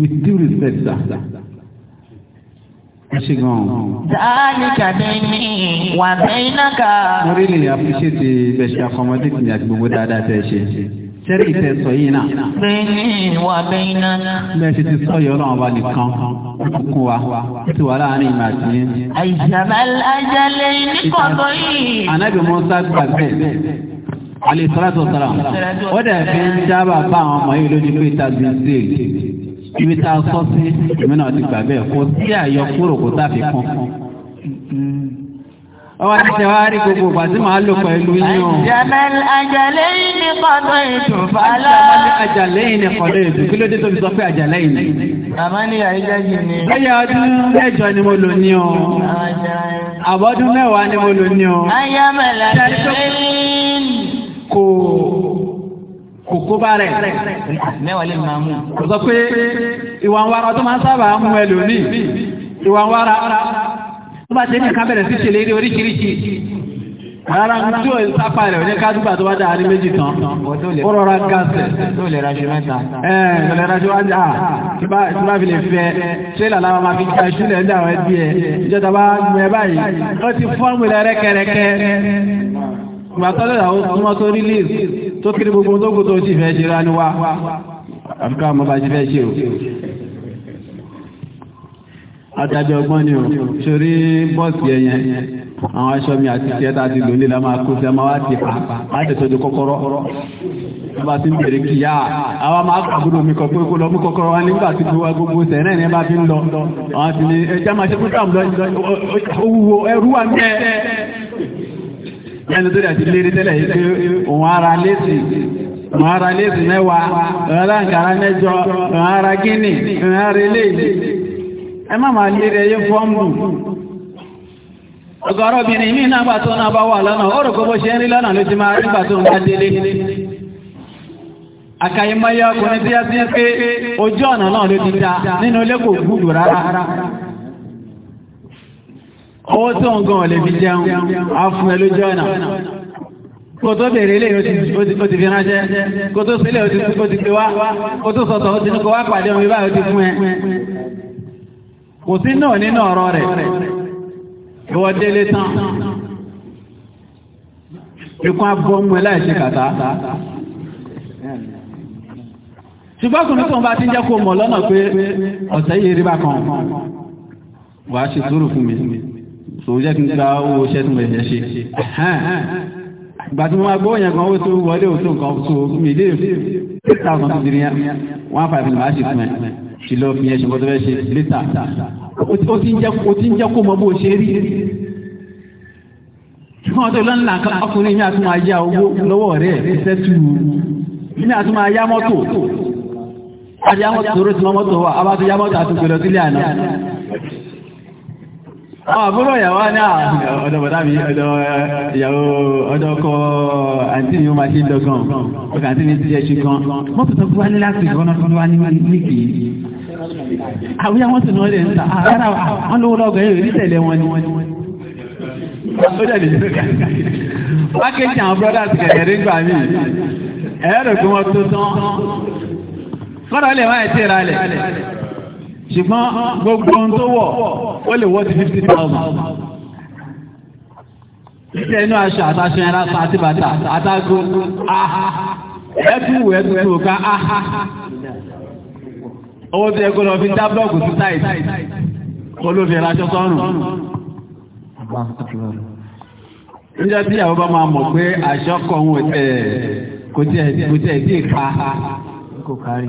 we still respect that. Ṣé gan-an?
Dáàlì kàdé ní wà bẹ́ẹ̀ náà ká. Mo
rí lè appreciate bẹ̀ ṣe àfọmọdé kìí àti gbogbo dáadáa tẹ̀ ṣe. Ṣẹ́rí ìtẹ̀ sọ yìí náà.
Bẹ́ẹ̀ ní wà bẹ́ẹ̀ náà. Bẹ́ẹ̀ ṣe ti sọ
yọ náà wà nìkan. Kún wa, ó ti wà láàárín ìmọ̀ àti yín. Àìsàbàl ajalè ní kọ̀ọ̀kọ̀ yìí. Ànábì Mọ́sá gbàgbé àlè sọ́lá tó sọ́ra. Ó dẹ̀ fi ń dábàá bá àwọn ọmọ yìí lójú pé tàbí sí èdè ibi tá a sọ sí èmi náà ti gbà bẹ́ẹ̀ kò sí àyọkúrò kò sáfi kan. ọwọ́ àtẹ̀tẹ̀ wa rí gbogbo pàtí màá lò pẹ̀lú yín o. jamal ajalẹ́yìn ni kọ́dọ̀ ètò fàlà. jamal ajalẹ́yìn ni kọ́dọ̀ ètò kí ló dé tó fi sọ pé ajalẹ́yìn ni.
màmá ní àyíjáde ni. lẹ́yìn ọdún
mẹ́jọ ni mo lò ní o. àbọ̀dún mẹ́wàá ni mo lò ní o. ayé mẹ́lá ajalẹ́yìn. kò. kòkó bá rẹ̀ mẹ́wàá lè máa mú. kò sọ pé ìwà wara tó máa ń sábà mú ẹlòmíì ìwà wara tó bá tẹ́lẹ̀ ká bẹ̀rẹ̀ sí ṣèlérí oríṣiríṣi rárá ń tí sápá rẹ̀ ní kádùgbà tó bá dáa ní méjì tán ó rọra gáàsẹ̀ tó lè raṣọ mẹ́ta tó lè tí bá fi lè fẹ́ ṣé làlára máa fi ká ìṣúlẹ̀ ń dàwọn ẹbí ẹ ìjọba bá báyìí ti fọ́ọ̀mù rẹ̀ tó kiri gbogbo tó kò tó sì fẹ́ jẹ́ rání wá àbíká ọmọ bá ti fẹ́ ṣe o adájọ́ ọgbọ́n ni o ṣorí bọ́ọ̀sì ẹ̀yẹn àwọn aṣọ mi àti tiẹ̀ tá a ti lò nílẹ̀ máa kó sí ẹ máa wá ti pa láti tọ́jú kọ́kọ́rọ́ tó bá ti ń bèrè kì àwọn máa gbàgbọ́dọ̀ omi kan pé lọ mú kọ́kọ́rọ́ wá nígbà tí wọ́n gbogbo sẹ̀rẹ̀ ní bá fi ń lọ àwọn ti ní ẹja máa ṣe ẹni tó ti lérí yìí pé òun ara Léèsì, òun ara lẹ́sì mẹ́wàá òun ara nkàrà òun ara gíní òun ara ẹ má máa lérí ẹyẹ fọ́ọ̀mù ọgọ́rọ̀ obìnrin mí náà bá tó náà bá wà lọ́nà ó rò kó bó ṣe ń rí lọ́nà ló ti máa rí a ti ń ọwọ́ tí wọ́n gan lè fi jẹun afún ẹlú jọ́nà kò tó bèèrè ilé ó ti fi ránṣẹ́ kò tó sílẹ̀ ó ti pè wá kò tó sọ̀tọ̀ ó ti ní kò wá pàdé omi báyìí ó ti fún ẹ kò sí náà nínú ọ̀rọ̀ rẹ̀ ìwọ délé tán ikú abọ́mú ẹ láìṣe kàtà ṣùgbọ́n kùnrin tó ń bá ti jẹ́ kó mọ̀ lọ́nà pé ọ̀sẹ̀ yìí rí bá kan wàá ṣe sùúrù fún mi so jẹ́ kí n gba owó iṣẹ́ tí mo yẹ ṣe ìgbà tí mo máa gbọ́ yẹn kan owó tó wọlé òtún kan tó mi lè eight thousand tó dirí yẹn one five ni màá ṣe fún ẹ ṣì lọ fi yẹn ṣe kọ́tọ́ fẹ́ ṣe lítà ó ti ń jẹ́ kó mọ bó ṣe rí wọ́n tó lọ́nà ọkùnrin mi àtúmọ̀ ayá owó lọ́wọ́ rẹ̀ sẹ́tù mi àtúmọ̀ ayá mọ́tò àti yá mọ́tò tó rẹ̀ tí mọ́tò wà abá tó yá mọ́tò àtúgbẹ̀lọ́ sílẹ̀ àná Àwọn ah, àbúrò ìyàwó ní ah, ọ̀dọ̀bọ̀dá mi, ọ̀dọ̀ eh, ìyàwó ọ̀dọ̀kọ àǹtí ni ó máa ṣe dọ́gán, ọkà àǹtí ni ti jẹ́ ṣe gan. Wọ́n tó tọ́kú wá ní láti ìgbọ́nà kan wá ní wíkì. Àwíyá wọ́n sì náà lè ń ta, àrárá ah, wọn lówó lọ́gọ̀ yóò rí tẹ̀lé wọn ni wọ́n ni wọ́n. Pákéjì àwọn brọ́dà ti kẹ̀kẹ́ rí gbà mí, ẹ̀rọ kí wọ́n tó tán. Kọ́dọ̀ lè wá ẹ̀ ṣùgbọ́n gbogbo ohun tó wọ̀ ó lè wọ́ ti fifty thousand. Títí ẹnu aṣọ àtàṣe ẹ̀rá sa àti bàtà àtàgò aha ẹkú wò ẹkú wò ká aha.
Owó tí ẹkú lọ fi dá bọ́ọ̀gù sí táìtì
kó ló fi ẹ̀rá aṣọ sọ́rùn. Níjọ́ tí ìyàwó bá máa mọ̀ pé aṣọ kan kò tiẹ̀ kò tiẹ̀ sí ìka. Kò kárí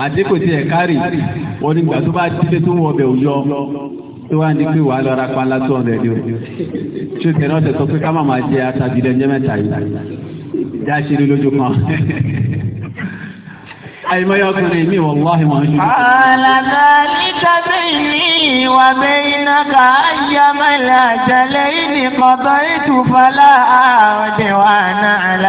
àdínkù tí ẹ̀ kárì wọn nígbà tó bá dídé tó wọ ọbẹ̀ òjọ tó wá ní pé wàá lọ ra pálá tó ni o tí
o tẹ̀lé ọ̀tẹ̀ sọ pé ká má máa jẹ
àtàbílẹ̀ ẹ̀jẹ̀ mẹ́ta yìí já ṣe ní lójú kan àìmọye ọkùnrin mi wọ̀ wọ́n àìmọ̀ ojú.
àlàkà níta bẹ́ẹ̀ ni ìwà bẹ́ẹ̀ iná ká ayámẹ́lẹ̀ àjẹlẹ̀ ìní kọ̀tọ̀ ìtùfọ́lá àwọ̀dẹ̀wà náà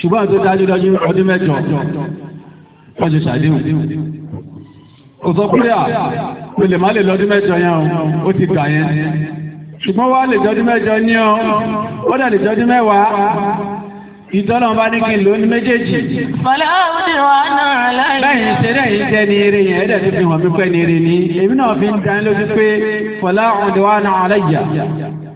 ṣùgbọ́n tó dájúdájú ọdún mẹ́jọ wọ́n ṣe ṣàdéhùn kò sọ pé à kò lè má lè lọ́dún mẹ́jọ yẹn ó ti gbà yẹn ṣùgbọ́n wá lè jọdún mẹ́jọ ní ọ ó dà lè jọdún mẹ́wàá ìtọ́nà bá ní kí n méjèèjì. Bọ̀lá òde yìí jẹ́ ní eré yẹn, ẹ̀dẹ̀ tó fi hàn mí pẹ́ ní eré ni. Èmi náà fi ń dání lójú pé Bọ̀lá òde náà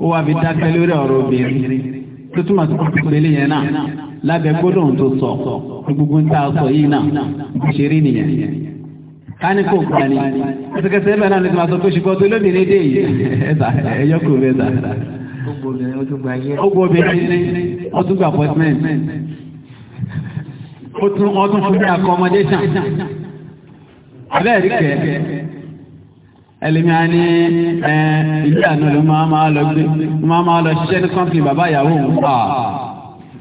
ó wá fi dákẹ́ lórí ọ̀rọ̀ obìnrin tó túmọ̀ sí pàtàkì yẹn náà sọ gbogbo ń tà sọ yìí náà ṣe rí nìyẹn káníkò gbà ní ẹsẹkẹsẹ náà sọ pé ṣùgbọ́n tó yìí ẹ̀dà rẹ̀ ẹlẹ́mìá ní ìlú àná ló máa máa lọ gbé máa máa lọ ṣiṣẹ́ ní kọ́ńtì bàbá ìyàwó òun pa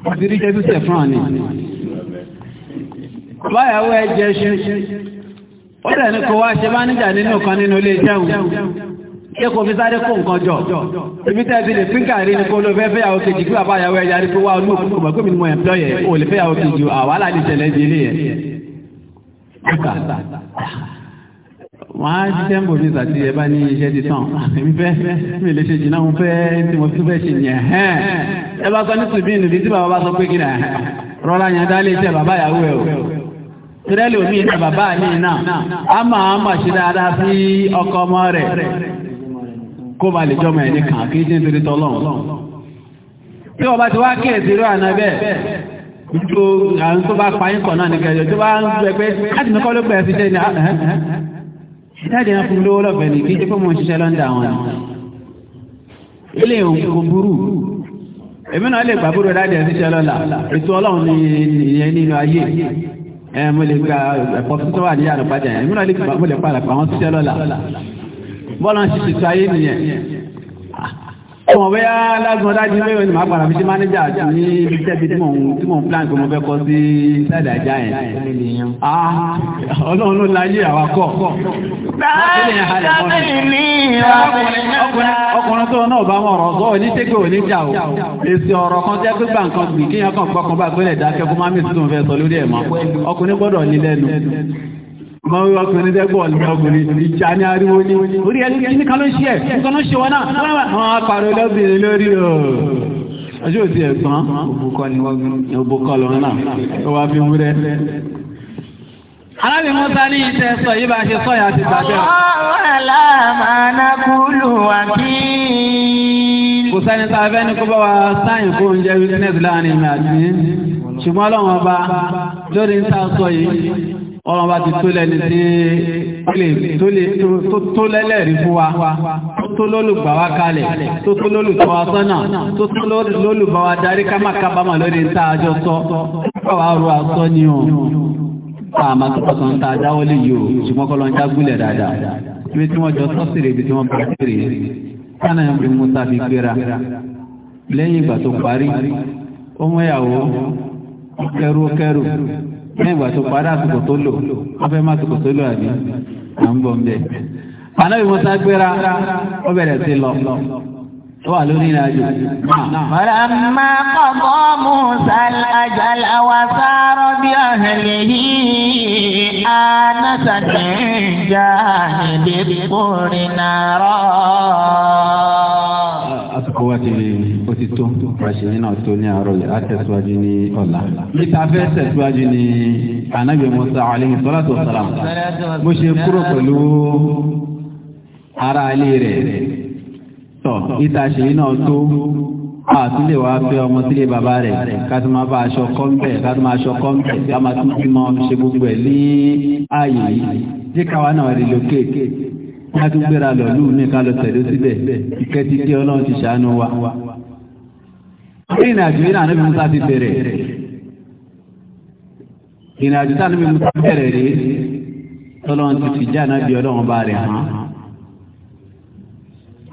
wọ́n ti rí jẹ́ sísẹ̀ fún àní. báyàwó ẹ jẹ ṣe ó dẹ̀ ní kó wá ṣe bá níjà nínú kan nínú ilé jẹun ṣé kò fi sáré kó nǹkan jọ ibi tẹ́ ti lè pín kàrí ni kó ló fẹ́ fẹ́yàwó kejì kí bàbá ìyàwó ẹ yarí pé wá olú òkú mọ̀ pé mi mọ ẹ̀mplọ́ yẹ ò ní ìṣẹ̀lẹ̀ ìdílé wọ́n á ṣiṣẹ́ ń bòjú bá ní iṣẹ́ ti tán mi mi lè ṣe jìnnà òun fẹ́ tí mo tún fẹ́ ṣe yẹn hẹ́n ẹ bá sọ ní tùbí nìbí tí bàbá bá sọ pé rọra yẹn dá bàbá ìyàwó ẹ̀ o omi ìta bàbá mi náà a máa ma dáadáa sí ọkọ ọmọ rẹ̀ kó ba lè jọmọ ẹni kàn kí ṣe ń tí ti wá ìtàdé wọn fún lówó lọ́fẹ̀ẹ́ ní kí n jẹ́ pé mo ń ṣiṣẹ́ lọ́ndà wọn ilé òun kò burú èmi náà lè gbàgbúrò dáadé ṣiṣẹ́ lọ́la ètò ọlọ́run ní ìyẹn nínú ayé ẹ mo lè gba ẹ̀kọ́ tó wà ní àrùn bàjẹ́ èmi náà lè gbàgbúrò pàlàpà wọn ṣiṣẹ́ lọ́la bọ́ọ̀lù ń ṣiṣẹ́ tó ayé nìyẹn ọmọ bẹ́yà lágbọ́n dájú pé òní máa padà bí sí mánéjà ní ibi tẹ́bi tí mò ń plan tó mo fẹ́ kọ́ sí sáàdì ajá yẹn. Ah, ọlọ́run ló láyé àwa kọ́. ọkùnrin tó náà bá wọn sọ òní tẹ́gbẹ́ òní jà o èsì ọ̀rọ̀ kan tẹ́ gbígbà nǹkan gbìn kíyàn kan gbọ́kàn bá gbẹ́lẹ̀ dákẹ́ kó má fẹ́ sọ lórí ẹ̀ mọ́ ọkùnrin gbọ́dọ̀ ní lẹ́nu ọkàn orí ọkùnrin dẹ́gbọ́ ọ̀lẹ́ ọkùnrin ìjà ní ariwo ní orí ẹni ní kan ló ṣe ẹ̀ nǹkan sọ yìí bá ṣe sọ́yà àti bàbá. ọ̀rọ̀ aláàmánákúlù wà kí. kò sẹ́ni tá fẹ́ ní kó bá wa sáyìn kó jẹ́ wíkínẹ́sì láàrin ìrìn àti ṣùgbọ́n ọlọ́run ọba lórí ń ta sọ yìí ọ̀rọ̀ bá ti tó lẹ́ni tí tó lẹ́lẹ́rí fún wa tó lólùgbà wá kalẹ̀ tó tó lólùtọ́ wa sọ́nà tó tó lólùbà wa darí ká má kábàmà lórí ń tá àjọ sọ káwà rú àsọ ni o pàmà tó pàtàkì ń ta àdáwọlé yìí o ṣùgbọ́n kọ́ lọ ń jágúlẹ̀ dáadáa ibi tí wọ́n jọ sọ́sìrì ibi tí wọ́n bá sírì kánà ń fi mú sáfi gbéra lẹ́yìn ìgbà tó parí ó mú ìyàwó kẹrù kẹrù lẹ́yìn ìgbà tó parí àsìkò tó lò wọ́n fẹ́ má àsìkò tó lò àbí à ń bọ̀ ń bẹ̀. ànábì Mùsá gbéra ó bẹ̀rẹ̀ sí lọ
ó wà lórí ìrìn àjò. falamma qada Musa al-ajala wa sara bi ahlihi anasa min janibi al-quri nara.
àsìkò wa ti tó bàṣírí náà tó ní àárọ̀ yìí á tẹ̀síwájú ní ọ̀la. níta fẹ́ tẹ̀síwájú ní anábì Musa alayhi salatu wa salam mo ṣe kúrò pẹ̀lú ara ilé rẹ̀ tọ̀ níta ṣèyí náà tó àtúndé wa fẹ́ ọmọ sílé bàbá rẹ̀ káti máa bá aṣọ kọ́ńpẹ̀ káti máa aṣọ kọ́ńpẹ̀ ká máa tún bímọ ṣe gbogbo ẹ̀ ní ààyè yìí jẹ́ káwa náà relocate
ká tún gbéra lọ lù ká lọ tẹ̀lé síbẹ̀ ìkẹ́ ti ọlọ́run ti ṣàánú wa
ìrìn àjò yìí náà níbi musa ti bẹ̀rẹ̀ ìrìn àjò tá níbi musa bẹ̀rẹ̀ rèé tọ́lọ́n ti fìjà náà bí ọlọ́run bá rẹ̀ hàn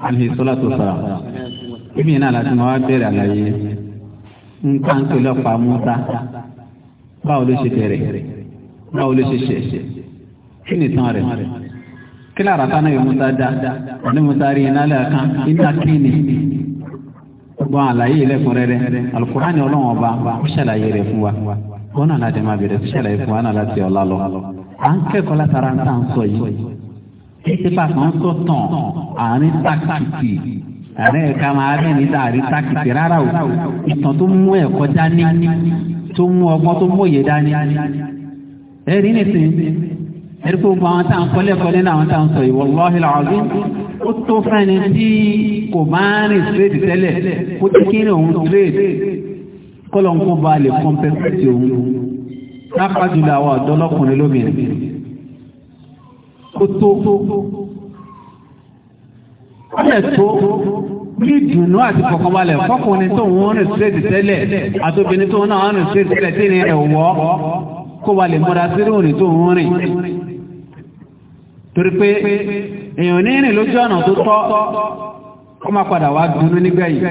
àmì ìsọ́lá tó sọ̀rọ̀ èmi náà láti máa wá bẹ̀rẹ̀ àlàyé nǹkan ń pèlú ọ̀pá musa báwo ló ṣe bẹ̀rẹ̀ báwo ló ṣe ṣẹ̀ṣẹ̀ kí ni tán rẹ̀ kí lára tánà yìí musa dá ní musa rí iná lẹ́ẹ̀kan iná kí ni gbogbo àlàyé ilẹ̀kùnrẹ́rẹ́ alukurani ọlọ́run ọba ó ṣàlàyé rẹ̀ fún wa wọn náà láti máa bẹ̀rẹ̀ ṣàlàyé fún wa náà láti ọ̀la lọ. à ń kẹ́kọ̀ọ́ látara ń tà ń sọ yìí títà kan ń sọ tàn àárín tákìtì àárín ẹ̀ka máa rẹ̀ níta àárín tákìtì rárá o ìtàn tó mú ẹ̀kọ́ dání tó mú ọgbọ́n tó mú òye dání ẹ̀rí nìsín ẹ̀rí gbogbo àwọn àwọn tá à ń sọ ó tó fẹ́ni tí kò máa rìn tírèdì tẹ́lẹ̀ kó tí kí ní òun tírèdì kọ́lọ̀ ń kó ba lè kọ́mpẹ́tì òun lápá jùlọ àwọn ọ̀dọ́ lọ́kùnrin lóbìnrin ó tó ó lẹ̀ tó ní ìdùnnú àti fọkànbalẹ̀ fọkùnrin tó ń rìn tírèdì tẹ́lẹ̀ àtòbìnrin tó náà rìn tírèdì tẹ́lẹ̀ tí ní rẹ̀ kó ba lè sí rìn tó ń rìn torí pé èèyàn ní ìrìn lójú ọ̀nà tó tọ́ kó má padà wá dunú nígbẹ̀yìn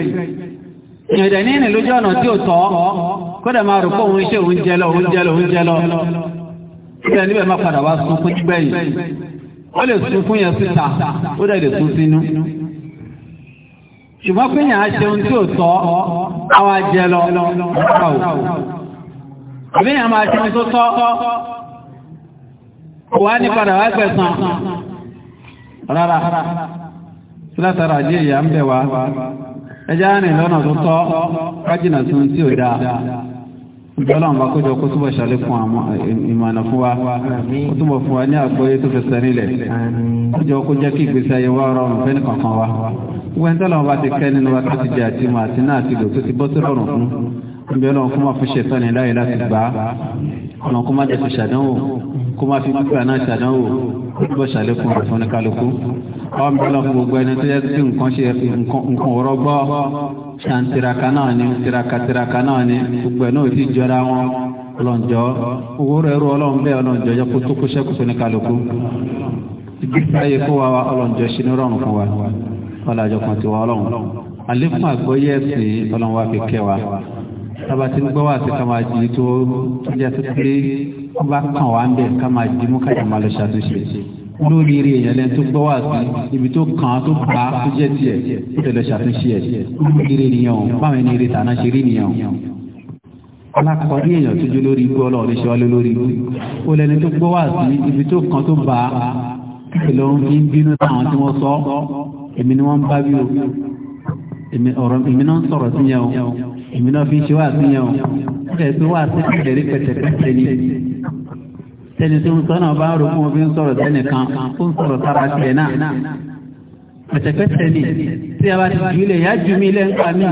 èèyàn dẹ̀ ní ìrìn lójú ọ̀nà tí ò tọ́ kó dẹ̀ máa rò pé òun ṣe òun jẹ lọ òun jẹ lọ òun jẹ lọ síbẹ̀ níbẹ̀ má padà wá sunkún nígbẹ̀yìn ó lè sunkún yẹn síta ó dẹ̀ lè sun sínú ṣùgbọ́n pé yàn á ṣe ohun tí ò tọ́ àwa jẹ lọ nípa ò àbí yàn máa ṣe ohun tó tọ́ kò wá ní padà wá gbẹ̀sán rárá sílátara àjẹ́ ìyà ń bẹ̀ wá ẹjá rìn lọ́nà tó tọ́ kájìnà sí tí ìjọlọ́n bá kójọ kó túbọ̀ ṣàlẹ̀ fún ìmọ̀nà fún wa kó túbọ̀ fún wa ní àgbọ́yé tó fẹsẹ̀ nílẹ̀ kójọ kó jẹ́ kí ìgbésí ayé wa rọrùn fẹ́ni kankan wa wọ́n tọ́lọ́ bá ti kẹ́ nínú wa tó ti jẹ́ àti mọ̀ àti náà ti lò tó ti bọ́ sí rọrùn fún ìjọlọ́n fún wa fún ṣètọ́ ní láyé láti gbà á ọ̀nà kó má jẹ́ fi ṣàdánwò kó má fi gbígbà náà ṣàdánwò bó ṣàlékún rẹ̀ fún kálukú. àwọn bí wọn gbogbo ẹni tó yẹ kí nǹkan ṣe nǹkan ọ̀rọ̀ gbọ́ ṣàǹtiraka náà ni tiraka tiraka náà ni gbogbo ẹ̀ náà ti jọra wọn ọlọ́njọ́ owó rẹ̀ rú ọlọ́run bẹ́ẹ̀ ọlọ́njọ́ yẹ kó tó kó ṣẹ́kù fún kálukú. ìgbésẹ̀ yìí fún wa ọlọ́njọ́ ṣe ní rọrùn fún wa ọlọ́jọ́ kan ti wá ọlọ́run àlékún wa tába ti ń gbọ́ wá sí ká máa jí tó tó jẹ́ sí pé wọ́n bá kàn wá ń bẹ̀ ká máa jí mú kájà máa lọ ṣàtúnṣe lórí eré èèyàn lẹ́nu tó gbọ́ wá sí ibi tó kàn án tó bá tó jẹ́ tiẹ̀ tó tẹ̀lé ṣàtúnṣe ẹ̀ lórí eré nìyẹn o báwọn ẹni eré tàná ṣe rí nìyẹn o alákọ̀ọ́rí èèyàn tó jó lórí igbó ọlọ́run ṣe wá lórí igbó ó lẹni tó gbọ́ wá sí ibi tó kàn tó bá ìlọ ń fi ń bínú táwọn tí wọ́n sọ ni wọ́n ń bá bí o èmi náà ń sọ̀rọ̀ sí yẹn o èmi náà fi ṣe wá àtúnyẹ̀ o ẹ̀ tó wá sí kẹ̀kẹ́rí pẹ̀tẹ̀pẹ̀tẹ̀ ni tẹni tó ń sọ́nà bá rò fún òfin sọ̀rọ̀ tẹnìkan ó ń sọ̀rọ̀ sára tiẹ̀ náà pẹ̀tẹ̀pẹ̀tẹ̀ ni tí a bá ti jù ilẹ̀ yá ju mi ilẹ̀ ń pa mí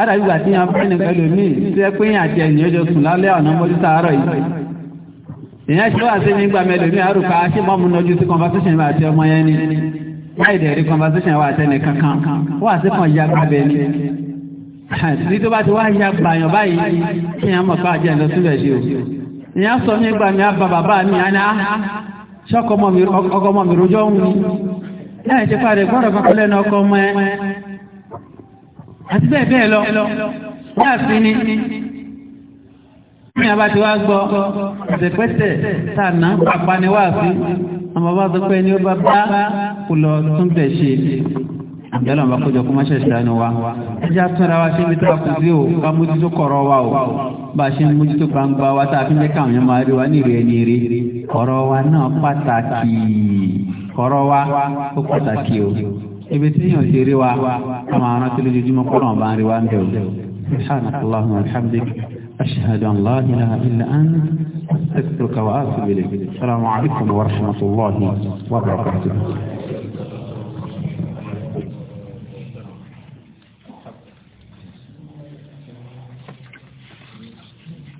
àdàbí ìgbà tí a fẹ́ ní pẹ̀lú mi tí ẹ pé yàn àti ẹ̀yìn ọjọ́ sùn lálẹ́ ọ̀nà mọ́jú sàárọ̀ yìí èyàn ṣe wá sí nígbà mẹ́lòmí àrùkà ṣé mọ́mú nájú sí conversation wa àti ọmọ yẹn ni láì dẹ̀ rí conversation wa àtẹnìkankan wá sí kan ya gbàbẹ́ ni. ní tó bá ti wá ya gbàyàn báyìí kí èèyàn mọ̀ fáà jẹ́ ìlọsílẹ̀ ṣe o èèyàn sọ ní ìgbà mi àbá bàbá mi àná ah, ṣọ́kọmọ mi rojọ́ ń ní láì ṣe fàdé gbọ́dọ̀ kankan lẹ́nu ọkọ ọmọ ẹ àti bẹ́ẹ̀ bẹ́ẹ̀ lọ láàfin ni ní abá ti wá gbọ́ ọ̀sẹ̀pẹ̀sẹ̀ tànà pàpaniwáàfin àmọ́ bá sọ pé ní ó bá bá kò tún bẹ̀ ṣe yálà bá kójọ kó má ṣe ṣàánú wa ẹjẹ àtúnra wa ṣe ń bitá kù sí o ká mójútó kọ̀rọ̀ wa o bá a ṣe ń mójútó gbangba wa tá a fi ń jẹ́ káwọn yẹn máa rí wa ní ìrẹ́ ní ìrẹ́ kọ̀rọ̀ wa náà pàtàkì kọ̀rọ̀ wa ó pàtàkì o ibi tí yàn ṣe rí wa àwọn aràn tó lójoojúmọ́ kọ́ náà bá ń rí wa ń bẹ̀ o subhanaka allahumma alhamdulilayi ashhadu an la ilaha illa anta astaghfiruka wa atubu ilayk assalamu alaykum wa rahmatullahi